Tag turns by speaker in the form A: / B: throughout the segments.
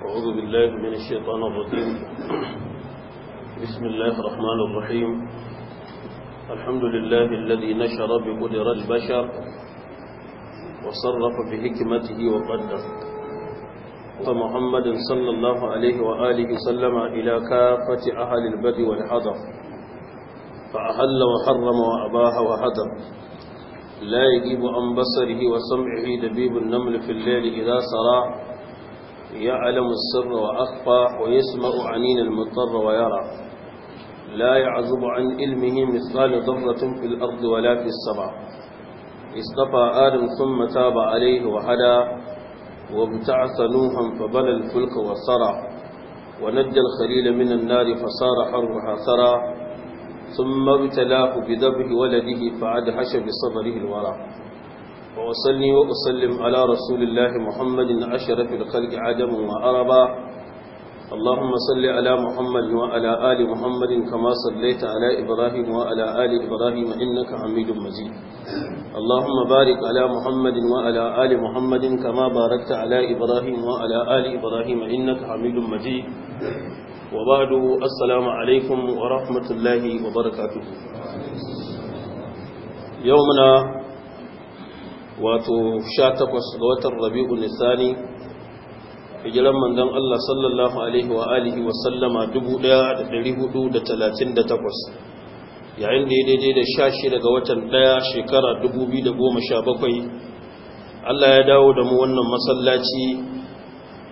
A: أعوذ بالله من الشيطان الرجيم بسم الله الرحمن الرحيم الحمد لله الذي نشر بقدر البشر وصرف بحكمته وقدر محمد صلى الله عليه وآله وسلم إلى كافة أهل البد والحضر فأحل وحرم وأباه وهدر لا يجيب عن بصره وسمعه دبيب النمل في الليل إذا سرى يعلم السر وأخفى ويسمع عنين المضطر ويرى لا يعزب عن علمه مثال ضرة في الأرض ولا في السماء اصطفى آدم ثم تاب عليه وهدى وابتعث نوحا فبنى الفلك وصرع ونجى الخليل من النار فصار حرها ثرى ثم ابتلاه بذبه ولده فأدهش بصدره الورى وأصلي وأسلم على رسول الله محمد أشرف الخلق عدم وأربا اللهم صل على محمد وعلى آل محمد كما صليت على إبراهيم وعلى آل إبراهيم إنك حميد مجيد اللهم بارك على محمد وعلى آل محمد كما باركت على إبراهيم وعلى آل إبراهيم إنك حميد مجيد وبعد السلام عليكم ورحمة الله وبركاته يومنا wato 18 ga watan rabi'u nisani hijiran mandan Allah sallallahu alaihi wa alihi wa sallama 1438 yayin da ya daidai da 16 ga watan 1 shekara 2017 Allah ya dawo da mu wannan masallaci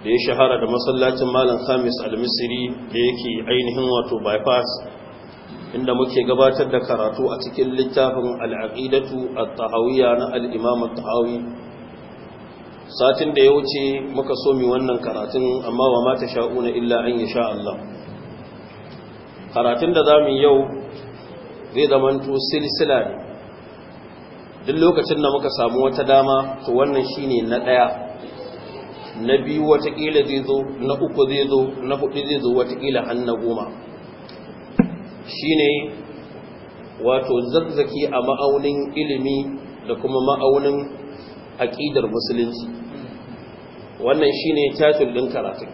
A: da ya shahara da masallacin malam Khamis al-Misri da yake ainihin wato bypass inda muke gabatar da karatu a cikin littafin al'aƙidatu a tahawiyya na al'imam tahawi satin da ya wuce muka so mu wannan karatun amma wa mata sha'una illa an yi sha karatun da za mu yau zai zamanto silsila ne duk lokacin da muka samu wata dama to wannan shine na ɗaya na biyu watakila zai zo na uku zai zo na hudu zai zo watakila har na goma Shi ne wato zazzaki a ma'aunin ilimi da kuma ma'aunin aƙidar musulunci wannan shine title ɗin karatun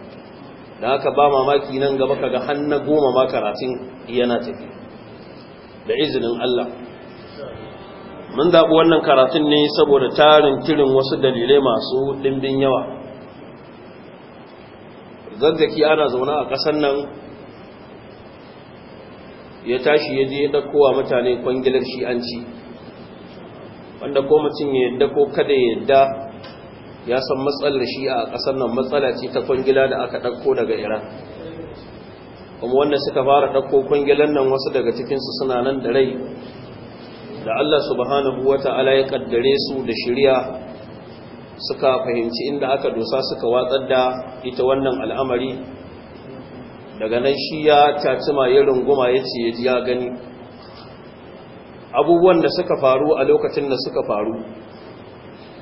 A: da aka ba mamaki nan gaba kaga har goma ma karatun yana tafi da izinin Allah mun zaɓi wannan karatun ne saboda tarin kirin wasu dalilai masu ɗimbin yawa zazzaki ana zaune a ƙasar nan ya tashi ya je ya wa mutane kwangilar shi'anci wanda ko mutum ya yadda ko kada ya yadda ya san matsalar shi'a a ƙasar nan matsala ce ta kwangila da aka ɗauko daga iran kuma wanda suka fara ɗauko kwangilar nan wasu daga cikinsu suna nan da rai da allah subhanahu wa ta'ala ya kaddare su da shirya suka fahimci inda aka dosa suka watsar da ita wannan al'amari daga nan shi ya cacima ya runguma ya ce ya gani abubuwan da suka faru a lokacin da suka faru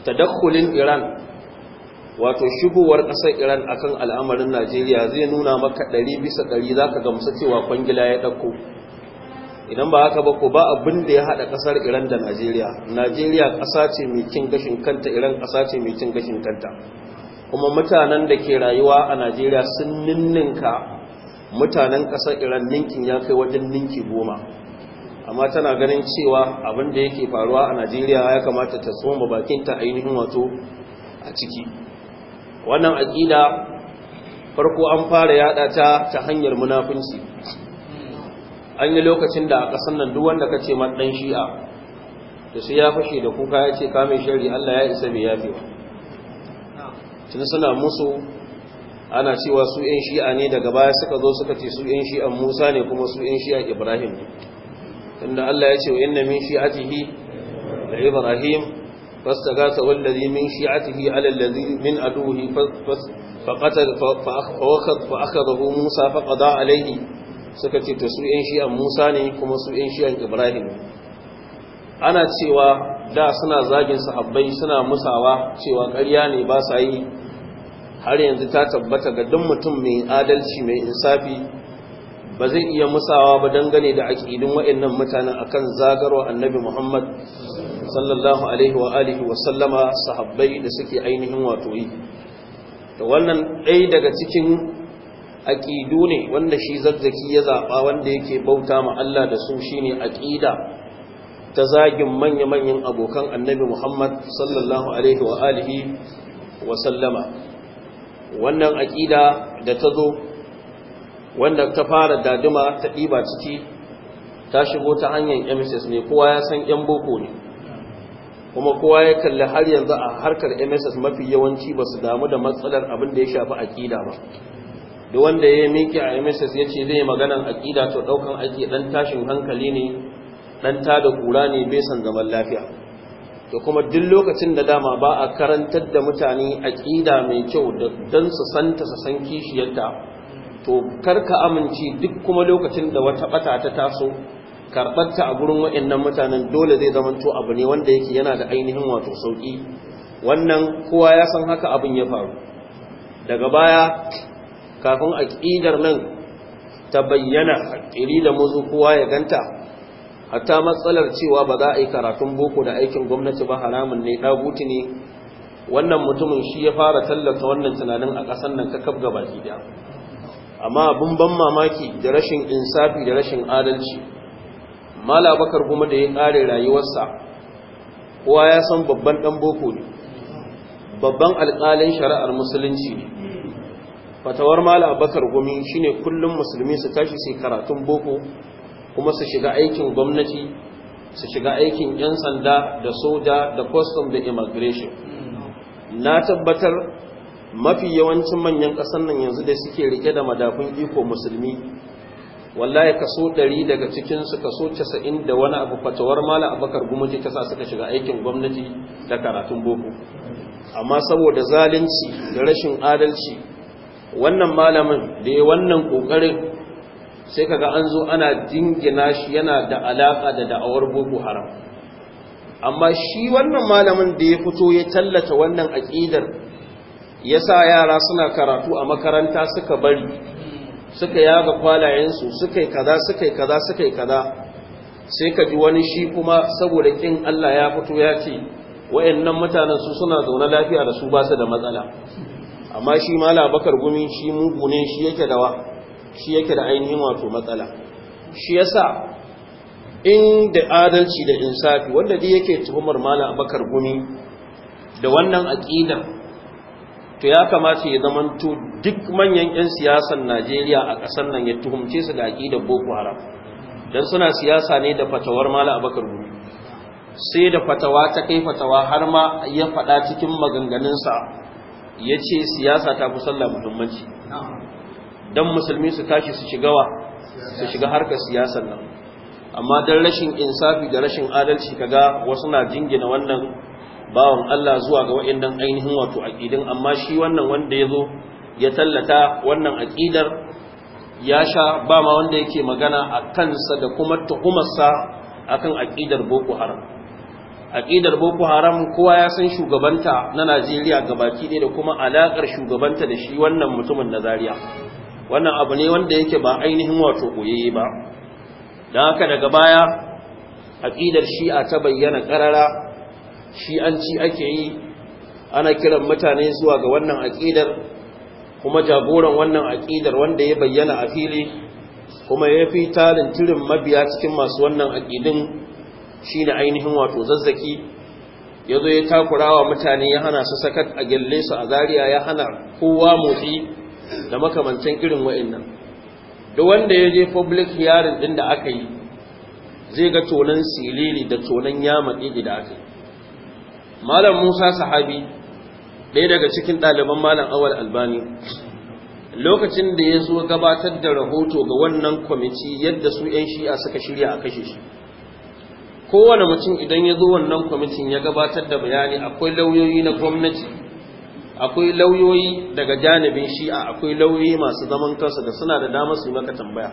A: tadakkulin iran wato shigowar ƙasar iran akan al'amarin najeriya zai nuna maka ɗari bisa ɗari za ka gamsu cewa kwangila ya ɗauko idan ba haka ba ko ba abin da ya haɗa ƙasar iran da najeriya najeriya ƙasa ce mai cin gashin kanta iran ƙasa ce mai cin gashin kanta kuma mutanen da ke rayuwa a najeriya sun ninninka mutanen ƙasar iran ninkin ya kai wajen ninki goma amma tana ganin cewa abin da yake faruwa a najeriya ya kamata ta tsoma bakinta ainihin wato a ciki wannan aƙida farko an fara yada ta ta hanyar munafunci an yi lokacin da a ƙasar nan duk wanda kace ma ɗan shi'a da su ya fashe da kuka ya ce kame shari Allah ya isa bai yafewa ba tun suna musu ana cewa su ‘yan shi'a ne daga baya suka zo suka ce su ‘yan shi'an Musa ne kuma su ‘yan shi'an Ibrahim ne, tunda Allah ya ce wa ‘yan min shi'atihi da Ibrahim, fasta gata wallazi min shi'atihi alallazi min aduhi fa'aka da hu Musa faƙada alaihi suka ce ta su ‘yan shi'an Musa ne kuma su ‘yan shi'an Ibrahim ne. Ana cewa da suna zagin sahabbai suna musawa cewa ƙarya ne ba sa yi har yanzu ta tabbata ga duk mutum mai adalci mai insafi ba zai iya musawa ba dangane da aƙidin wa'annan mutanen akan zagarwa annabi Muhammad sallallahu alaihi wa alihi wa sallama sahabbai da suke ainihin wato yi da wannan ɗaya daga cikin aƙidu ne wanda shi zazzaki ya zaɓa wanda yake bauta ma Allah da su shine aƙida ta zagin manya-manyan abokan annabi Muhammad sallallahu Alaihi wa alihi wa sallama wannan aƙida da ta zo wanda ta fara daduma ta ɗiba ciki ta shigo ta hanyar mss ne kowa ya san 'yan boko ne kuma kowa ya kalli har yanzu a harkar mss mafi yawanci ba su damu da matsalar abin da ya shafi aƙida ba da wanda ya yi miki a mss ya ce zai yi maganan aƙida to ɗaukan aiki ɗan tashin hankali ne ɗan da kura ne bai san zaman lafiya da kuma duk lokacin da dama ba a karantar da mutane aƙida mai kyau don su santa su san kishiyarta to karka amince duk kuma lokacin da wata bata ta taso karɓarta a gurin waɗannan mutanen dole zai zamanto abu ne wanda yake yana da ainihin wato sauƙi wannan kowa ya san haka abin ya faru daga baya kafin aƙidar nan ta bayyana ƙiri da muzu kowa ya ganta hatta matsalar cewa ba za a yi karatun boko da aikin gwamnati ba haramun ne ɗaguti ne wannan mutumin shi ya fara tallata wannan tunanin a ƙasar nan kakab gaba ɗaya amma abin ban mamaki da rashin insafi da rashin adalci mala bakar kuma da ya ƙare rayuwarsa kowa ya san babban ɗan boko ne babban alƙalin shari'ar musulunci ne fatawar mala bakar gumi shine kullum musulmi su tashi sai karatun boko kuma su shiga aikin gwamnati su shiga aikin 'yan sanda da soja da custom da immigration na tabbatar mafi yawancin manyan ƙasar nan yanzu da suke rike da madafun iko musulmi wallahi kaso 100 daga cikin su kaso 90 da wani abu fatawar mala abakar gumuji ta sa suka shiga aikin gwamnati da karatun boko amma saboda zalunci da rashin adalci wannan malamin da ya wannan kokarin sai kaga an zo ana jingina shi yana da alaka da da'awar boko haram amma shi wannan malamin da ya fito ya tallata wannan aqidar yasa yara suna karatu a makaranta suka bari suka yaga kwalayensu suka yi kaza suka yi kaza suka yi kaza sai ka ji wani shi kuma saboda kin Allah ya fito ya ce wayannan mutanen su suna zaune lafiya da su ba su da matsala amma shi mala bakar gumi shi mugu ne shi yake dawa shi yake da ainihin wato matsala shi yasa in da adalci da insafi wanda dai yake tuhumar malam abakar gumi da wannan aqidar to ya kamata ya zamanto duk manyan yan siyasar Najeriya a ƙasar nan ya tuhumce su da aqidar Boko Haram dan suna siyasa ne da fatawar malam abakar gumi sai da fatawa ta kai fatawa har ma ya faɗa cikin maganganunsa ya ce siyasa ta fi sallah muhimmanci don musulmi su tashi su shiga wa su shiga harkar siyasar nan amma don rashin insafi da rashin adalci kaga wasu na jingina wannan bawan Allah zuwa ga waannan ainihin wato aƙidin amma shi wannan wanda ya ya tallata wannan aƙidar ya sha ba ma wanda yake magana a kansa da kuma tuhumarsa akan aƙidar Boko Haram aƙidar Boko Haram kowa ya san shugabanta na Najeriya gabaki ɗaya da kuma alakar shugabanta da shi wannan mutumin na Zaria wannan abu ne wanda yake ba ainihin wato koyayye ba don haka daga baya aƙidar shi'a ta bayyana ƙarara shi'anci ake yi ana kiran mutane zuwa ga wannan aƙidar kuma jagoran wannan aƙidar wanda ya bayyana a fili kuma ya fi tarin turin mabiya cikin masu wannan aƙidin shi da ainihin wato zazzaki ya zo ya takurawa mutane ya hana su sakat a gyalle su a zariya ya hana kowa motsi da makamantan irin wa'annan duk wanda ya je public hearing din da aka yi zai ga tonan silili da tonan yamaki da aka yi malam Musa sahabi ɗaya daga cikin ɗaliban malam awal albani lokacin da ya zo gabatar da rahoto ga wannan kwamiti yadda su 'yan shi'a suka shirya a kashe shi kowane mutum idan ya zo wannan kwamitin ya gabatar da bayani akwai lauyoyi na gwamnati akwai lauyoyi daga janibin shi'a akwai lauyoyi masu zaman kansu da suna da damar su yi maka tambaya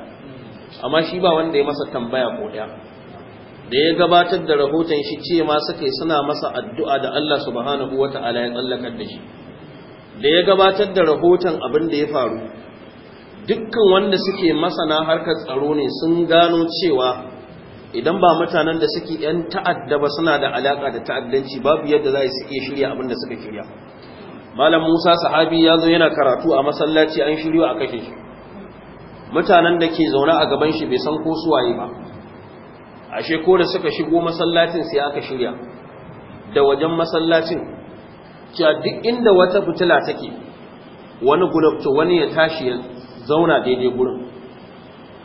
A: amma shi ba wanda ya masa tambaya ko daya. da ya gabatar da rahoton shi ce ma suke suna masa addu'a da Allah subhanahu ya tsallakar da shi da ya gabatar da rahoton abin da ya faru dukkan wanda suke masana harkar tsaro ne sun gano cewa idan ba mutanen da suke ‘yan ta'adda ba suna da alaƙa da ta'addanci babu yadda za su iya shirya abin da suka shirya malam musa sahabi ya zo yana karatu a masallaci an shiryo a kashe shi mutanen da ke zaune a gaban shi bai san ko waye ba ashe ko da suka shigo masallacin sai aka shirya da wajen masallacin cewa duk inda wata fitila take wani to wani ya tashi ya zauna daidai gurin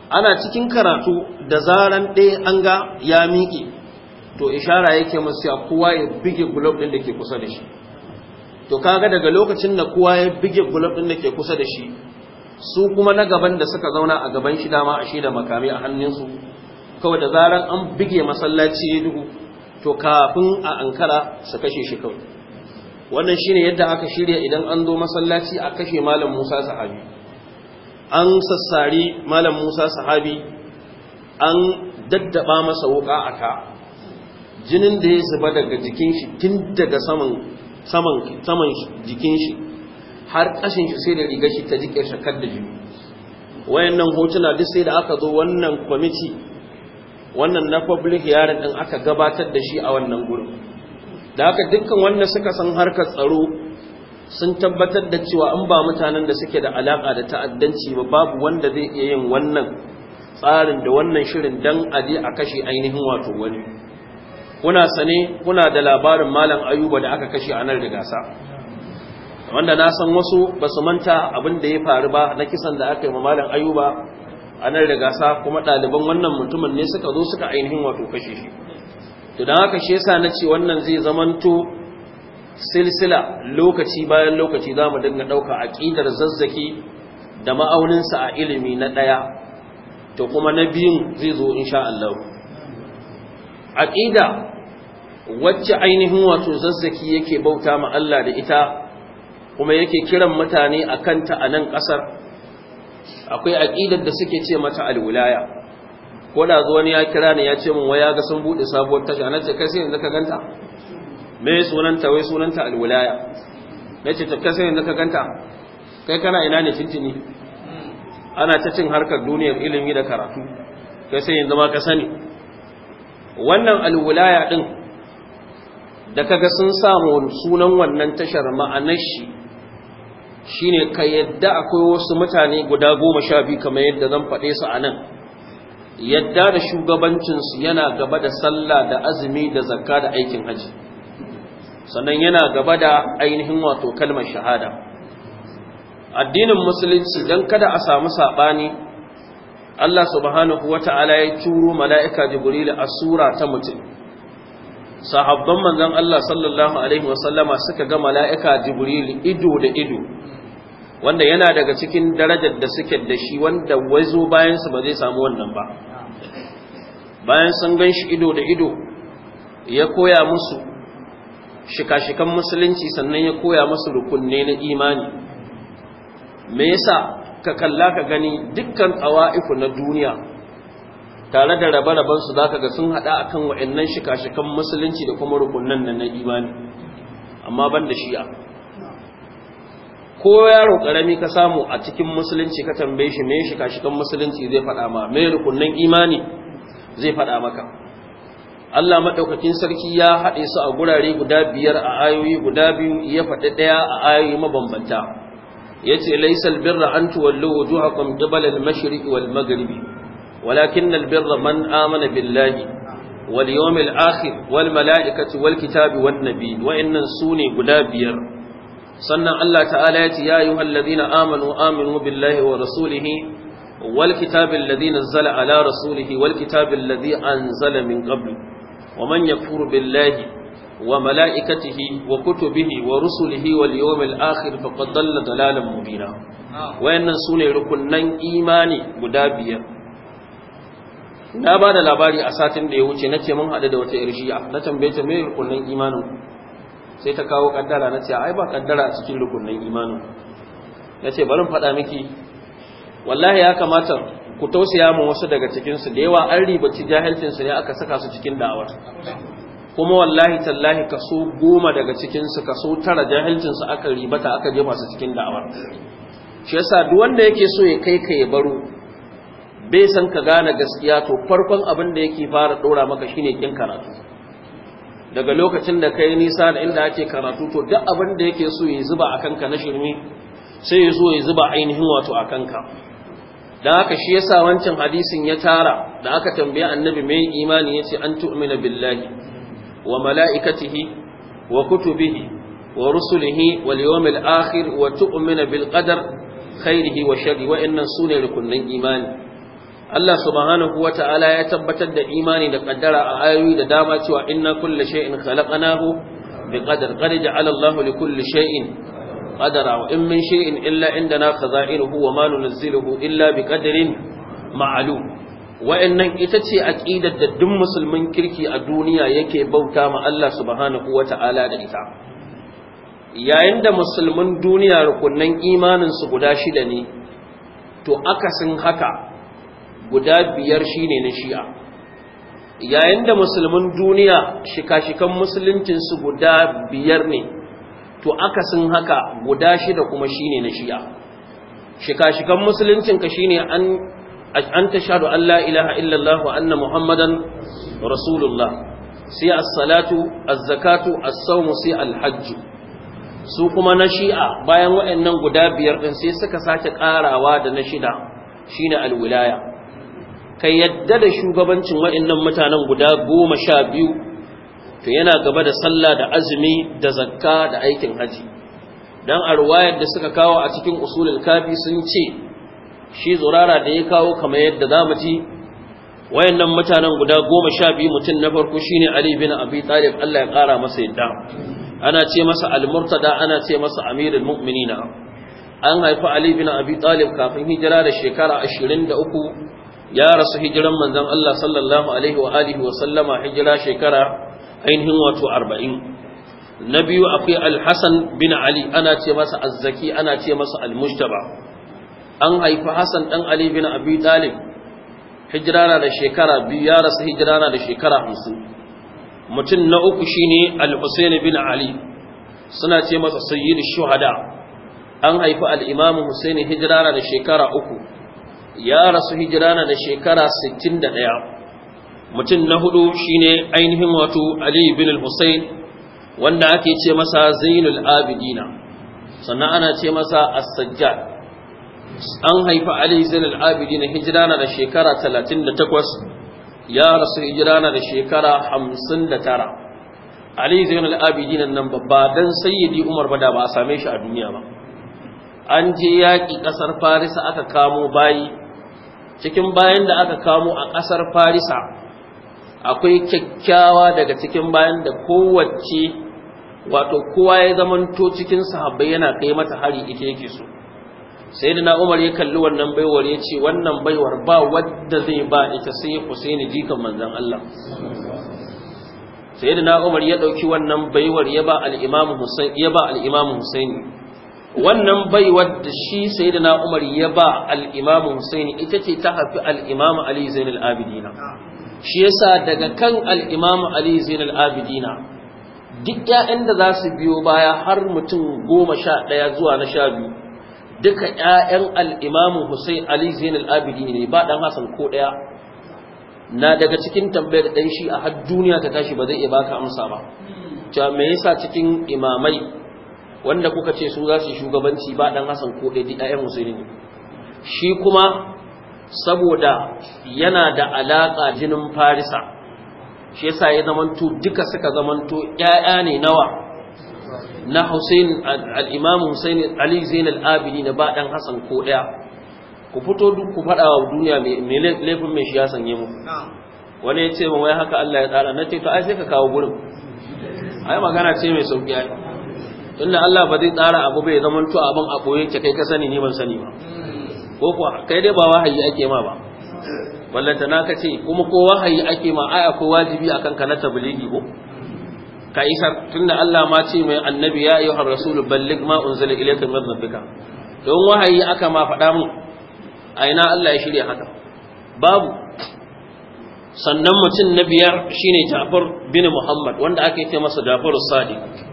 A: ana cikin karatu da zaran ɗaya an ga ya miƙe to ishara yake masu kowa ya bige gulab ɗin da ke kusa da shi to kaga daga lokacin da kowa ya bige gulab din da ke kusa da shi su kuma na gaban da suka zauna a gaban shi dama a shi da makami a hannunsu kawai da zaran an bige masallaci ya to kafin a ankara su kashe shi kawai wannan shine yadda aka shirya idan an zo masallaci a kashe malam Musa sahabi an sassari malam Musa sahabi an daddaba masa wuka aka jinin da ya zuba daga jikin shi tun daga saman saman saman jikin shi har kashin shi sai da rigar shi ta jike shakar da jini wayannan hotuna duk sai da aka zo wannan kwamiti wannan na public yaron din aka gabatar da shi a wannan gurin da haka dukkan wanda suka san harkar tsaro sun tabbatar da cewa an ba mutanen da suke da alaka da ta'addanci ba babu wanda zai iya yin wannan tsarin da wannan shirin dan aje a kashe ainihin wato wani kuna sane kuna da labarin malam ayuba da aka kashe a nan da gasa wanda na san wasu ba su manta abin da ya faru ba na kisan da aka yi ma malam ayuba a nan da gasa kuma ɗaliban wannan mutumin ne suka zo suka ainihin wato kashe shi to don haka shi yasa na ce wannan zai zamanto silsila lokaci bayan lokaci za mu dinga ɗauka aƙidar zazzaki da ma'auninsa a ilimi na ɗaya to kuma na biyun zai zo in sha Allah aƙida wacce ainihin wato zazzaki yake bauta ma Allah da ita kuma yake kiran mutane a kanta a nan ƙasar akwai aƙidar da suke ce mata alwilaya ko da zuwa ya kira ni ya ce min waya ga sun buɗe sabuwar tasha na ce kai sai yanzu ka ganta me sunanta wai sunanta alwilaya na ce ta kai sai yanzu ka ganta kai kana ina ne tintini ana ta cin harkar duniyar ilimi da karatu kai sai yanzu ma ka sani wannan alwilaya din da kaga sun samu sunan wannan tashar ma'anar shi shine ka yadda akwai wasu mutane guda goma sha biyu kamar yadda zan faɗe su a nan yadda da shugabancinsu yana gaba da sallah da azumi da zakka da aikin haji sannan yana gaba da ainihin wato kalmar shahada addinin musulunci don kada a samu saɓani Allah subhanahu wata'ala ya turo mala'ika jibril a sura ta mutum sahabban manzon Allah sallallahu alaihi wasallama suka ga mala'ika jibril ido da ido wanda yana daga cikin darajar da suke da shi wanda wazo bayan su ba zai samu wannan ba bayan sun gan shi ido da ido ya koya musu shika-shikan musulunci sannan ya koya musu rukunne na imani me yasa ka kalla ka gani dukkan ƙawa'ifu na duniya tare da rabe-raben su zaka ga sun hada akan wa'annan shika-shikan musulunci da kuma rukunnan nan na imani amma ban da shi'a ko yaro karami ka samu a cikin musulunci ka tambaye shi me shika-shikan musulunci zai faɗa ma me rukunnan imani zai faɗa maka Allah maɗaukakin sarki ya haɗe su a gurare guda biyar a ayoyi guda biyu ya faɗi ɗaya a ayoyi mabambanta ya ce laisal birra an tuwallo wujuhakum qibala al-mashriqi wal maghribi ولكن البر من آمن بالله واليوم الآخر والملائكة والكتاب والنبي وإن سوني قدابير صنع الله تعالى يا أيها الذين آمنوا آمنوا بالله ورسوله والكتاب الذي نزل على رسوله والكتاب الذي أنزل من قبل ومن يكفر بالله وملائكته وكتبه ورسله واليوم الآخر فقد ضل ضلالا مبينا وإن سوني ركنن إيماني قدابير na ba da labari a satin da ya wuce na ce mun haɗu da wata irshiya na tambaye ta mai rukunin imanin sai ta kawo kaddara na ce ai ba kaddara a cikin rukunin imanin na ce barin faɗa miki wallahi ya kamata ku tausaya mu wasu daga cikinsu da yawa an ribaci jahilcinsu ne aka saka su cikin da'awar kuma wallahi tallahi kaso goma daga cikinsu kaso tara jahilcinsu aka ribata aka jefa su cikin da'awar shi yasa duk wanda yake so ya kai ka ya baro bai san ka gane gaskiya to farkon abin da yake fara dora maka shine kin karatu daga lokacin da kai nisa da inda ake karatu to duk abin da yake so ya zuba akan ka na shirme sai ya zo ya zuba ainihin wato akan ka dan haka shi yasa wancan hadisin ya tara da aka tambaye annabi mai imani yace an tu'mina billahi wa mala'ikatihi wa kutubihi wa rusulihi wal yawmil akhir wa tu'mina bil qadar khairihi wa sharrihi wa innan ne rukunin imani Allah subhanahu wata'ala ya tabbatar da imani da kaddara a ayoyi da dama cewa inna kulli shay'in khalaqnahu biqadar qad ja'ala Allahu li kulli shay'in qadara wa in min shay'in illa indana khaza'iruhu wa ma nunzilu illa biqadrin ma'alu. wa'annan ita ce a da duk musulmin kirki a duniya yake bauta ma Allah subhanahu wata'ala da ita yayin da musulmin duniya rukunnan imaninsu guda shida ne to akasin haka guda biyar ne na shi'a yayin da musulmin duniya shika-shikan musuluncinsu guda biyar ne to sun haka guda shida kuma ne na shi'a shika-shikan musuluncinka shi ne an tashhadu an Allah ilaha illallah wa anna muhammadan rasulullah sai as-salatu a zakatu sai al su kuma na shi'a bayan waɗannan guda biyar ɗin sai suka sake ƙarawa da na shida shine ne alwilaya. ka yadda da shugabancin wa'annan mutanen guda goma sha biyu to yana gaba da sallah da azumi da zakka da aikin haji dan a ruwayar da suka kawo a cikin usulul kafi sun ce shi zurara da ya kawo kamar yadda za mu ci wayannan mutanen guda goma sha biyu mutum na farko shine Ali bin Abi Talib Allah ya kara masa yadda ana ce masa al-murtada ana ce masa amirul mu'minina an haifi Ali bin Abi Talib kafin hijira da shekara ashirin da uku. ya rasu hijiran manzon Allah sallallahu alaihi wa alihi wa sallama hijira shekara ainihin wato 40 na biyu akwai al-Hasan bin Ali ana ce masa az-Zaki ana ce masa al-Mujtaba an haifi Hassan dan Ali bin Abi Talib hijirana da shekara biyu ya rasu hijirana da shekara 50 mutum na uku shine al-Husayn bin Ali suna ce masa sayyidu shuhada an haifi al-Imam Husayn hijirana da shekara uku ya rasu hijirana da shekara 61 mutum na hudu shine ainihin wato Ali bin al-Husayn wanda ake ce masa Zainul Abidina sannan ana ce masa As-Sajjad an haifa Ali Zainul Abidina hijirana da shekara 38 ya rasu hijirana da shekara 59 Ali Zainul Abidin nan babba dan Sayyidi Umar ba da ba a same shi a duniya ba an je yaƙi ƙasar Farisa aka kamo bayi cikin bayan da aka kamo a ƙasar farisa akwai kyakkyawa daga cikin bayan da kowace wato kowa ya zamanto cikin sahabbai yana kai mata hari ita yake so sai da na ya kalli wannan baiwar ya ce wannan baiwar ba wadda zai ba ita sai husaini jikan manzan allah sai da na ya ɗauki wannan baiwar ya ba al'imamu Hussaini. wannan baiwar da shi sai da Umar ya ba al’imamu Husaini ita ce ta hafi al’imamu Ali Zain abidina shi yasa daga kan al’imamu Ali Zain duk yayan da za su biyo baya har mutum goma sha ɗaya zuwa na sha biyu duka 'ya'yan al’imamu imam Husain Ali Zain ne ba ɗan Hassan ko ɗaya na daga cikin tambayar ɗan shi a har duniya ta tashi ba zai iya baka amsa ba jami'isa me yasa cikin imamai wanda kuka ce su za su shugabanci ba dan Hassan ko ɗaya ɗayan Husaini ne shi kuma saboda yana da alaƙa jinin Farisa shi yasa ya zamanto duka suka zamanto 'ya'ya ne nawa na Husain al-Imam Husain Ali Zain al na ba dan Hassan ko ɗaya ku fito duk ku fada wa duniya me laifin me shi ya sanye mu wani ya ce wai haka Allah ya tsara na ce to ai sai ka kawo gurin ai magana ce mai sauki ai tunda Allah ba zai tsara abu bai zaman to abin a koye ke kai ka sani ni ban sani ba ko kuwa kai dai ba wahayi ake ma ba wallanta na kace kuma ko wahayi ake ma ai akwai wajibi akan ka na tabligi ko ka isar tunda Allah ma ce mai annabi ya ayyuha rasul balligh ma unzila ilayka min rabbika don wahayi aka ma faɗa mu a ina Allah ya shirya haka babu sannan mutum na biyar shine Ja'far bin Muhammad wanda ake ce masa Ja'far as-Sadiq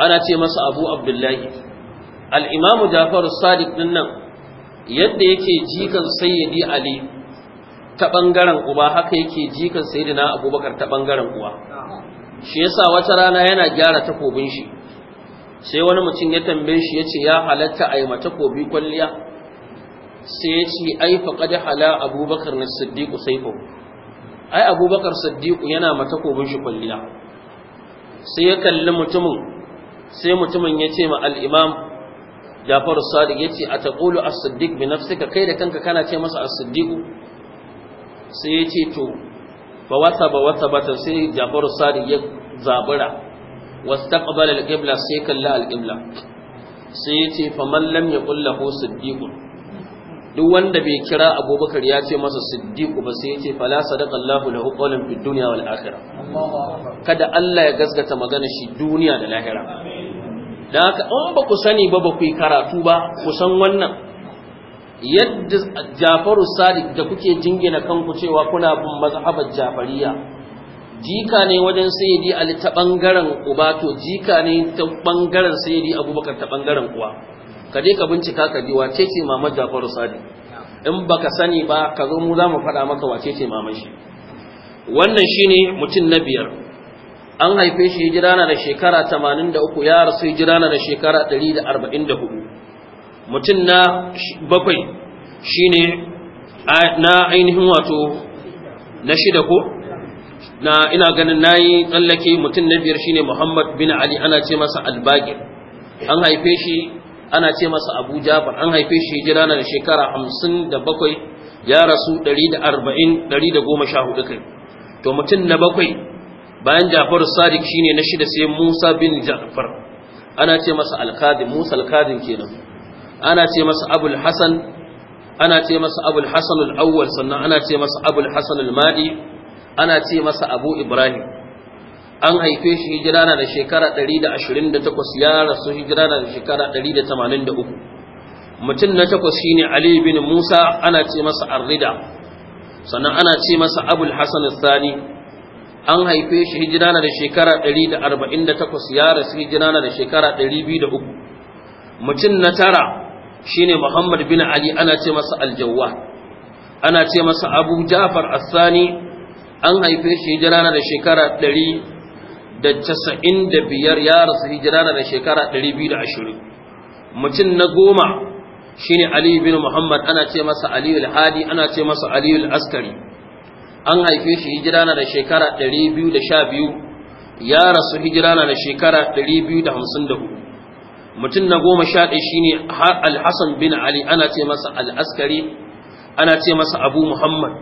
A: ana ce masa abu abdullahi al'imamu jafar sadiq din nan yadda yake jikan sayyidi ali ta ɓangaren uba haka yake jikan sayyidina abubakar ta ɓangaren uwa shi yasa wata rana yana gyara takobin shi sai wani mutum ya tambaye shi ya ce ya halatta a yi matakobi kwalliya sai ya ce ai faƙaɗi hala abubakar na siddiƙu ko, ai abubakar siddiƙu yana matakobin shi kwalliya sai ya kalli mutumin sai mutumin ya ce ma al'imam jafar sadiq ya ce a taƙulu a siddiq bi nafsika kai da kanka kana ce masa a siddiqu sai ya ce to ba wata ba wata ba ta sai jafar sadiq ya zabura wasu taƙabar alƙibla sai kalla alƙibla sai ya ce fa lam ya ƙulla ko siddiqun duk wanda bai kira abubakar ya ce masa siddiqu ba sai ya ce fala sadaqa Allahu lahu qawlan fid dunya wal akhirah kada Allah ya gasgata magana shi duniya da lahira da haka in ba ku sani ba ba ku yi karatu ba ku san wannan yadda jafaru sadiq da kuke jingina kanku cewa kuna bin mazhabar jafariya jika ne wajen sayyidi ali ta bangaren uba to jika ne ta bangaren sayyidi abubakar ta bangaren uwa ka je ka bincika ka ji wace ce mamar jafaru sadiq in baka sani ba ka zo mu za mu faɗa maka wace ce mamar shi wannan shine mutum na biyar an haife shi hijira na da shekara 83 ya rasu hijira na da shekara 144 mutum na bakwai shine na ainihin wato na shida ko na ina ganin nayi tsallake mutum na biyar shine Muhammad bin Ali ana ce masa Albagir an haife shi ana ce masa Abu Jafar an haife shi hijira na da shekara 57 ya rasu 140 114 kai to mutum na bakwai bayan Ja'far Sadiq shine na shida sai Musa bin Ja'far ana ce masa al Musa al kenan ana ce masa Abul Hasan ana ce masa Abul Hasan al-Awwal sannan ana ce masa Abul Hasan al-Madi ana ce masa Abu Ibrahim an haife shi hijira na da shekara 128 ya rasu hijira na da shekara 183 mutum na takwas shine Ali bin Musa ana ce masa Ar-Rida sannan ana ce masa Abul Hasan al-Thani an haife shi hijira na da shekara 148 ya rasu hijira na da shekara 203 mutum na tara shine Muhammad bin Ali ana ce masa aljawwa ana ce masa Abu Ja'far asani, an haife shi hijira na da shekara 195 ya rasu hijira na da shekara 220 mutum na goma shine Ali bin Muhammad ana ce masa Aliyu alhadi ana ce masa Aliyu alaskari askari an haife shi hijira na da shekara 212 ya rasu hijira na da shekara 254 mutum na goma sha ɗaya shine ne alhassan bin Ali ana ce masa al'askari. ana ce masa Abu Muhammad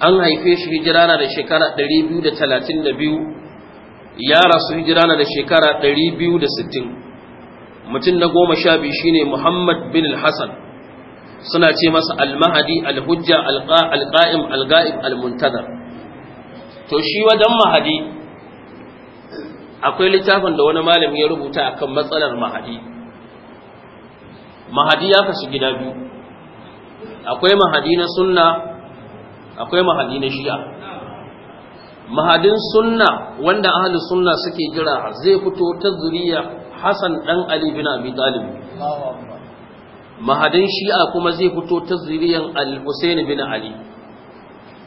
A: an haife shi hijira na da shekara 232 ya rasu hijira na da shekara 260 mutum na goma sha biyu shine Muhammad bin alhassan hassan suna ce masa al-mahadi al-hujja al-qa'im al-ga'ib al-muntazar to shi wajen mahadi akwai littafin da wani malami ya rubuta akan matsalar mahadi mahadi ya kasu gida biyu akwai mahadi na sunna akwai mahadi na shi'a mahadin sunna wanda ahli sunna suke jira zai fito ta zuriya hasan dan ali bin abi talib mahadin shi'a kuma zai fito ta zuriyan al-husayn bin ali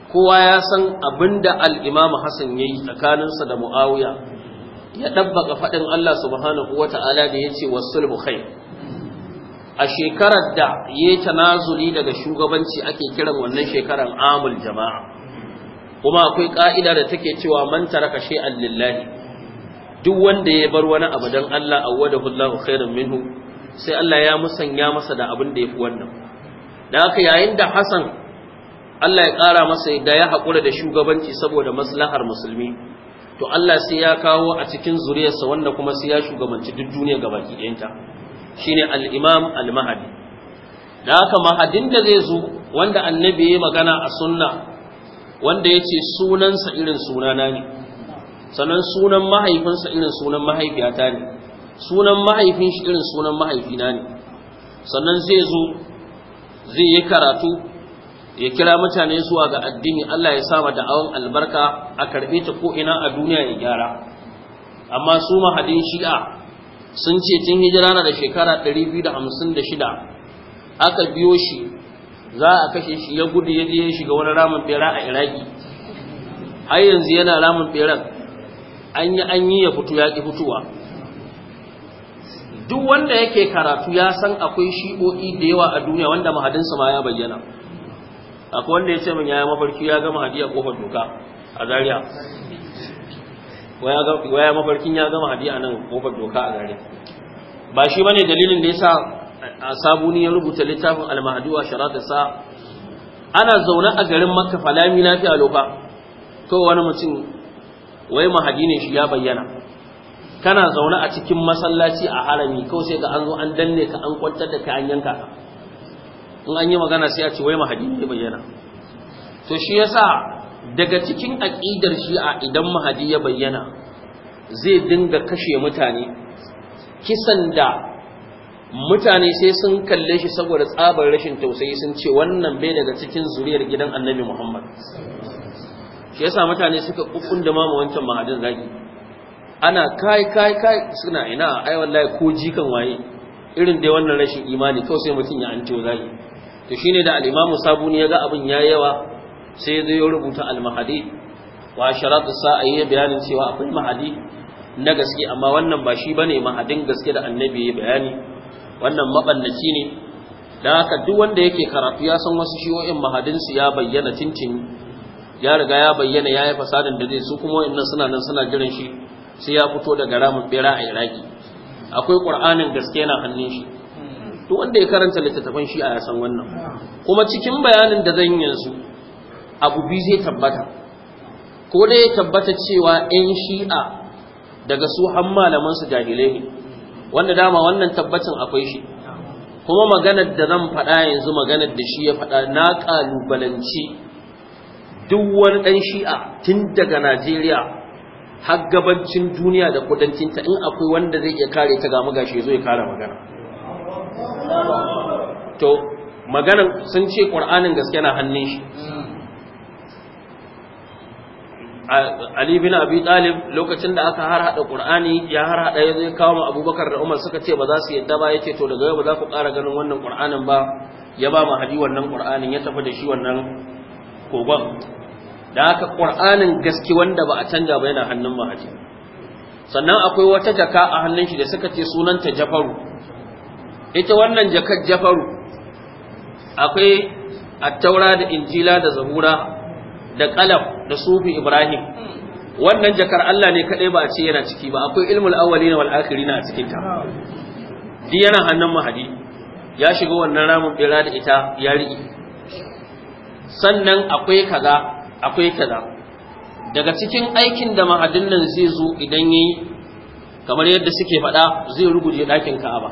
A: kowa ya san abinda al-imam hasan yayi tsakaninsa da muawiya ya dabbaka fadin Allah subhanahu wata'ala da yace wasul khair a shekarar da yayi tanazuli daga shugabanci ake kiran wannan shekarar amul jama'a kuma akwai ka'ida da take cewa man taraka shay'an lillahi duk wanda ya bar wani abu dan Allah awwadahu Allahu khairan minhu sai Allah ya musanya masa da abin da ya fi wannan da haka yayin da Hassan Allah ya ƙara masa da ya haƙura da shugabanci saboda maslahar musulmi to Allah sai ya kawo a cikin zuriyarsa wanda kuma sai ya shugabanci duk duniya ga baki ɗayanta shine al-Imam al-Mahdi da haka mahadin da zai zo wanda annabi ya magana a sunna wanda ya ce sunansa irin sunana ne sannan sunan mahaifinsa irin sunan mahaifiyata ne sunan mahaifin shi irin sunan mahaifina ne sannan zai zo zai yi karatu ya kira mutane zuwa ga addini Allah ya saba da'awan albarka a karbe ta ko'ina a duniya ya gyara amma su mahadin shi'a sun ce tun hijira na da shekara 256 aka biyo shi za a kashe shi ya gudu ya je ya shiga wani ramin bera a iraki har yanzu yana ramin beran an yi an yi ya fito ya ƙi fitowa duk wanda yake karatu ya san akwai shi'o'i da yawa a duniya wanda mahadinsa ma ya bayyana akwai wanda ya ce min yaya mafarki ya gama hadiya a kofar doka a zaria waya mafarkin ya gama hadiya a nan kofar doka a zariya ba shi bane dalilin da yasa a sabuni ya rubuta littafin al mahadu wa sharata sa ana zaune a garin makka falami lafiya lofa to wani mutum wai mahadi ne shi ya bayyana kana zaune a cikin masallaci a harami kawai sai ga an zo an danne ka an kwantar da ka an yanka ka in an yi magana sai a ce wai mahadi ne bayyana to shi yasa daga cikin aqidar a idan mahadi ya bayyana zai dinga kashe mutane kisan da mutane sai sun kalle shi saboda tsabar rashin tausayi sun ce wannan bai daga cikin zuriyar gidan annabi muhammad shi yasa mutane suka kukkunda ma wancan mahadin zaki ana kai kai kai suna ina ai wallahi ko jikan waye irin dai wannan rashin imani kawai sai mutum ya ance wallahi to shine da al-imamu sabuni yaga abin yayi yawa sai zai rubuta al-mahadi wa sharatu sa'i bayanin cewa akwai mahadi na gaske amma wannan ba shi bane mahadin gaske da annabi ya bayani wannan mabannaci ne Da haka duk wanda yake karatu ya san wasu o'in mahadinsu ya bayyana tintin ya riga ya bayyana ya yi fasadin da zai su kuma nan suna nan suna jiran shi sai ya fito daga ramin bera a iraki akwai ƙur'anin gaske na hannun shi to wanda ya karanta littattafan shi a yasan wannan kuma cikin bayanin da zan yanzu abu biyu zai tabbata ko dai ya tabbata cewa yan shi'a daga su han malaman su jahilai ne wanda dama wannan tabbacin akwai shi kuma maganar da zan faɗa yanzu maganar da shi ya faɗa na ƙalubalanci duk wani ɗan shi'a tun daga najeriya har gabancin duniya da kudancinta in akwai wanda zai iya kare ta ga magashi zo ya kare magana to maganan sun ce ƙur'anin gaske na hannun shi Ali bin Abi Talib lokacin da aka har hada Qur'ani ya har hada yazo ya kawo Abubakar da Umar suka ce ba za su yadda ba yace to daga yau ba za ku ƙara ganin wannan Qur'anin ba ya ba mu hadi wannan Qur'anin ya tafi da shi wannan kogon da haka ƙur'anin gaske wanda ba a canja ba yana hannun mahaji sannan akwai wata jaka a hannun shi da suka ce sunanta jafaru ita wannan jakar jafaru akwai attaura da injila da zabura da qalab da sufi ibrahim wannan jakar Allah ne kaɗai ba a ce yana ciki ba akwai ilmul awali wal akhirina a cikin ta yana hannun mahadi ya shiga wannan ramin bera da ita ya riƙe sannan akwai kaza akwai kaza daga cikin aikin da mahadin nan zai zo idan yayi kamar yadda suke faɗa zai ruguje ɗakin ka'aba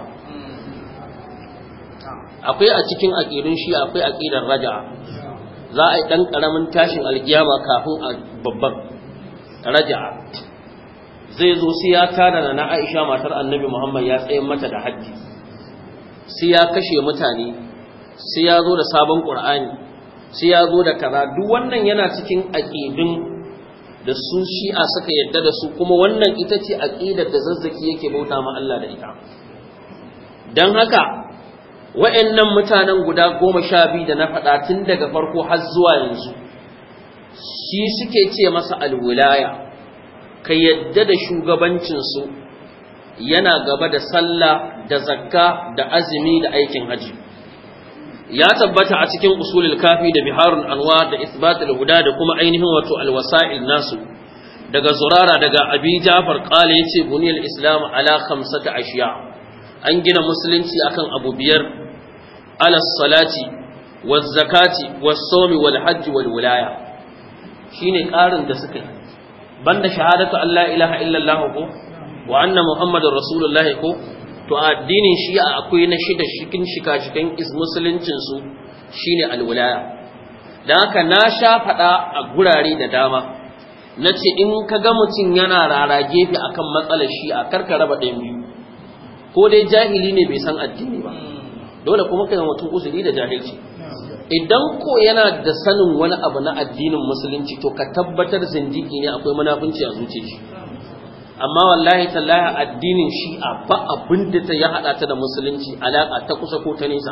A: akwai a cikin aƙirin shi akwai aƙidar raja za a yi ɗan ƙaramin tashin alkiyama kafin a babban raja'a zai zo sai ya tada na Aisha matar Annabi Muhammad ya tsaye mata da haddi sai ya kashe mutane sai ya zo da sabon ƙur'ani. sai ya zo da kaza duk wannan yana cikin aƙidun da su shi'a suka yadda da su kuma wannan ita ce aƙidar da zazzaki yake bauta ma Allah da ita dan haka wa'annan mutanen guda goma sha biyu da na faɗa tun daga farko har zuwa yanzu shi suke ce masa alwilaya ka yadda da shugabancin su yana gaba da sallah da zakka da azumi da aikin hajji. ya tabbata a cikin usulul kafi da biharul anwa da isbatul huda da kuma ainihin wato alwasa'il nasu daga zurara daga abi jafar qala yace buniyal islam ala khamsata ashiya an gina musulunci akan abu biyar ala salati waz zakati was sawmi wal hajji wal wilaya shine karin da suka yi banda shahadatu alla ilaha illallah ko wa anna muhammadar rasulullahi ko to addinin shi'a akwai na shida shikin shika-shikin musuluncin su shine alwilaya dan haka na sha faɗa a gurare da dama nace in ka ga mutum yana rara gefe akan matsalar shi'a karka raba ɗayan biyu ko dai jahili ne bai san addini ba dole kuma kai mutum uzuri da jahilci idan ko yana da sanin wani abu na addinin musulunci to ka tabbatar zindiki ne akwai munafunci a zuciyar amma wallahi tallahi addinin shi a ba abin da ta ya haɗa ta da musulunci alaƙa ta kusa ko ta nesa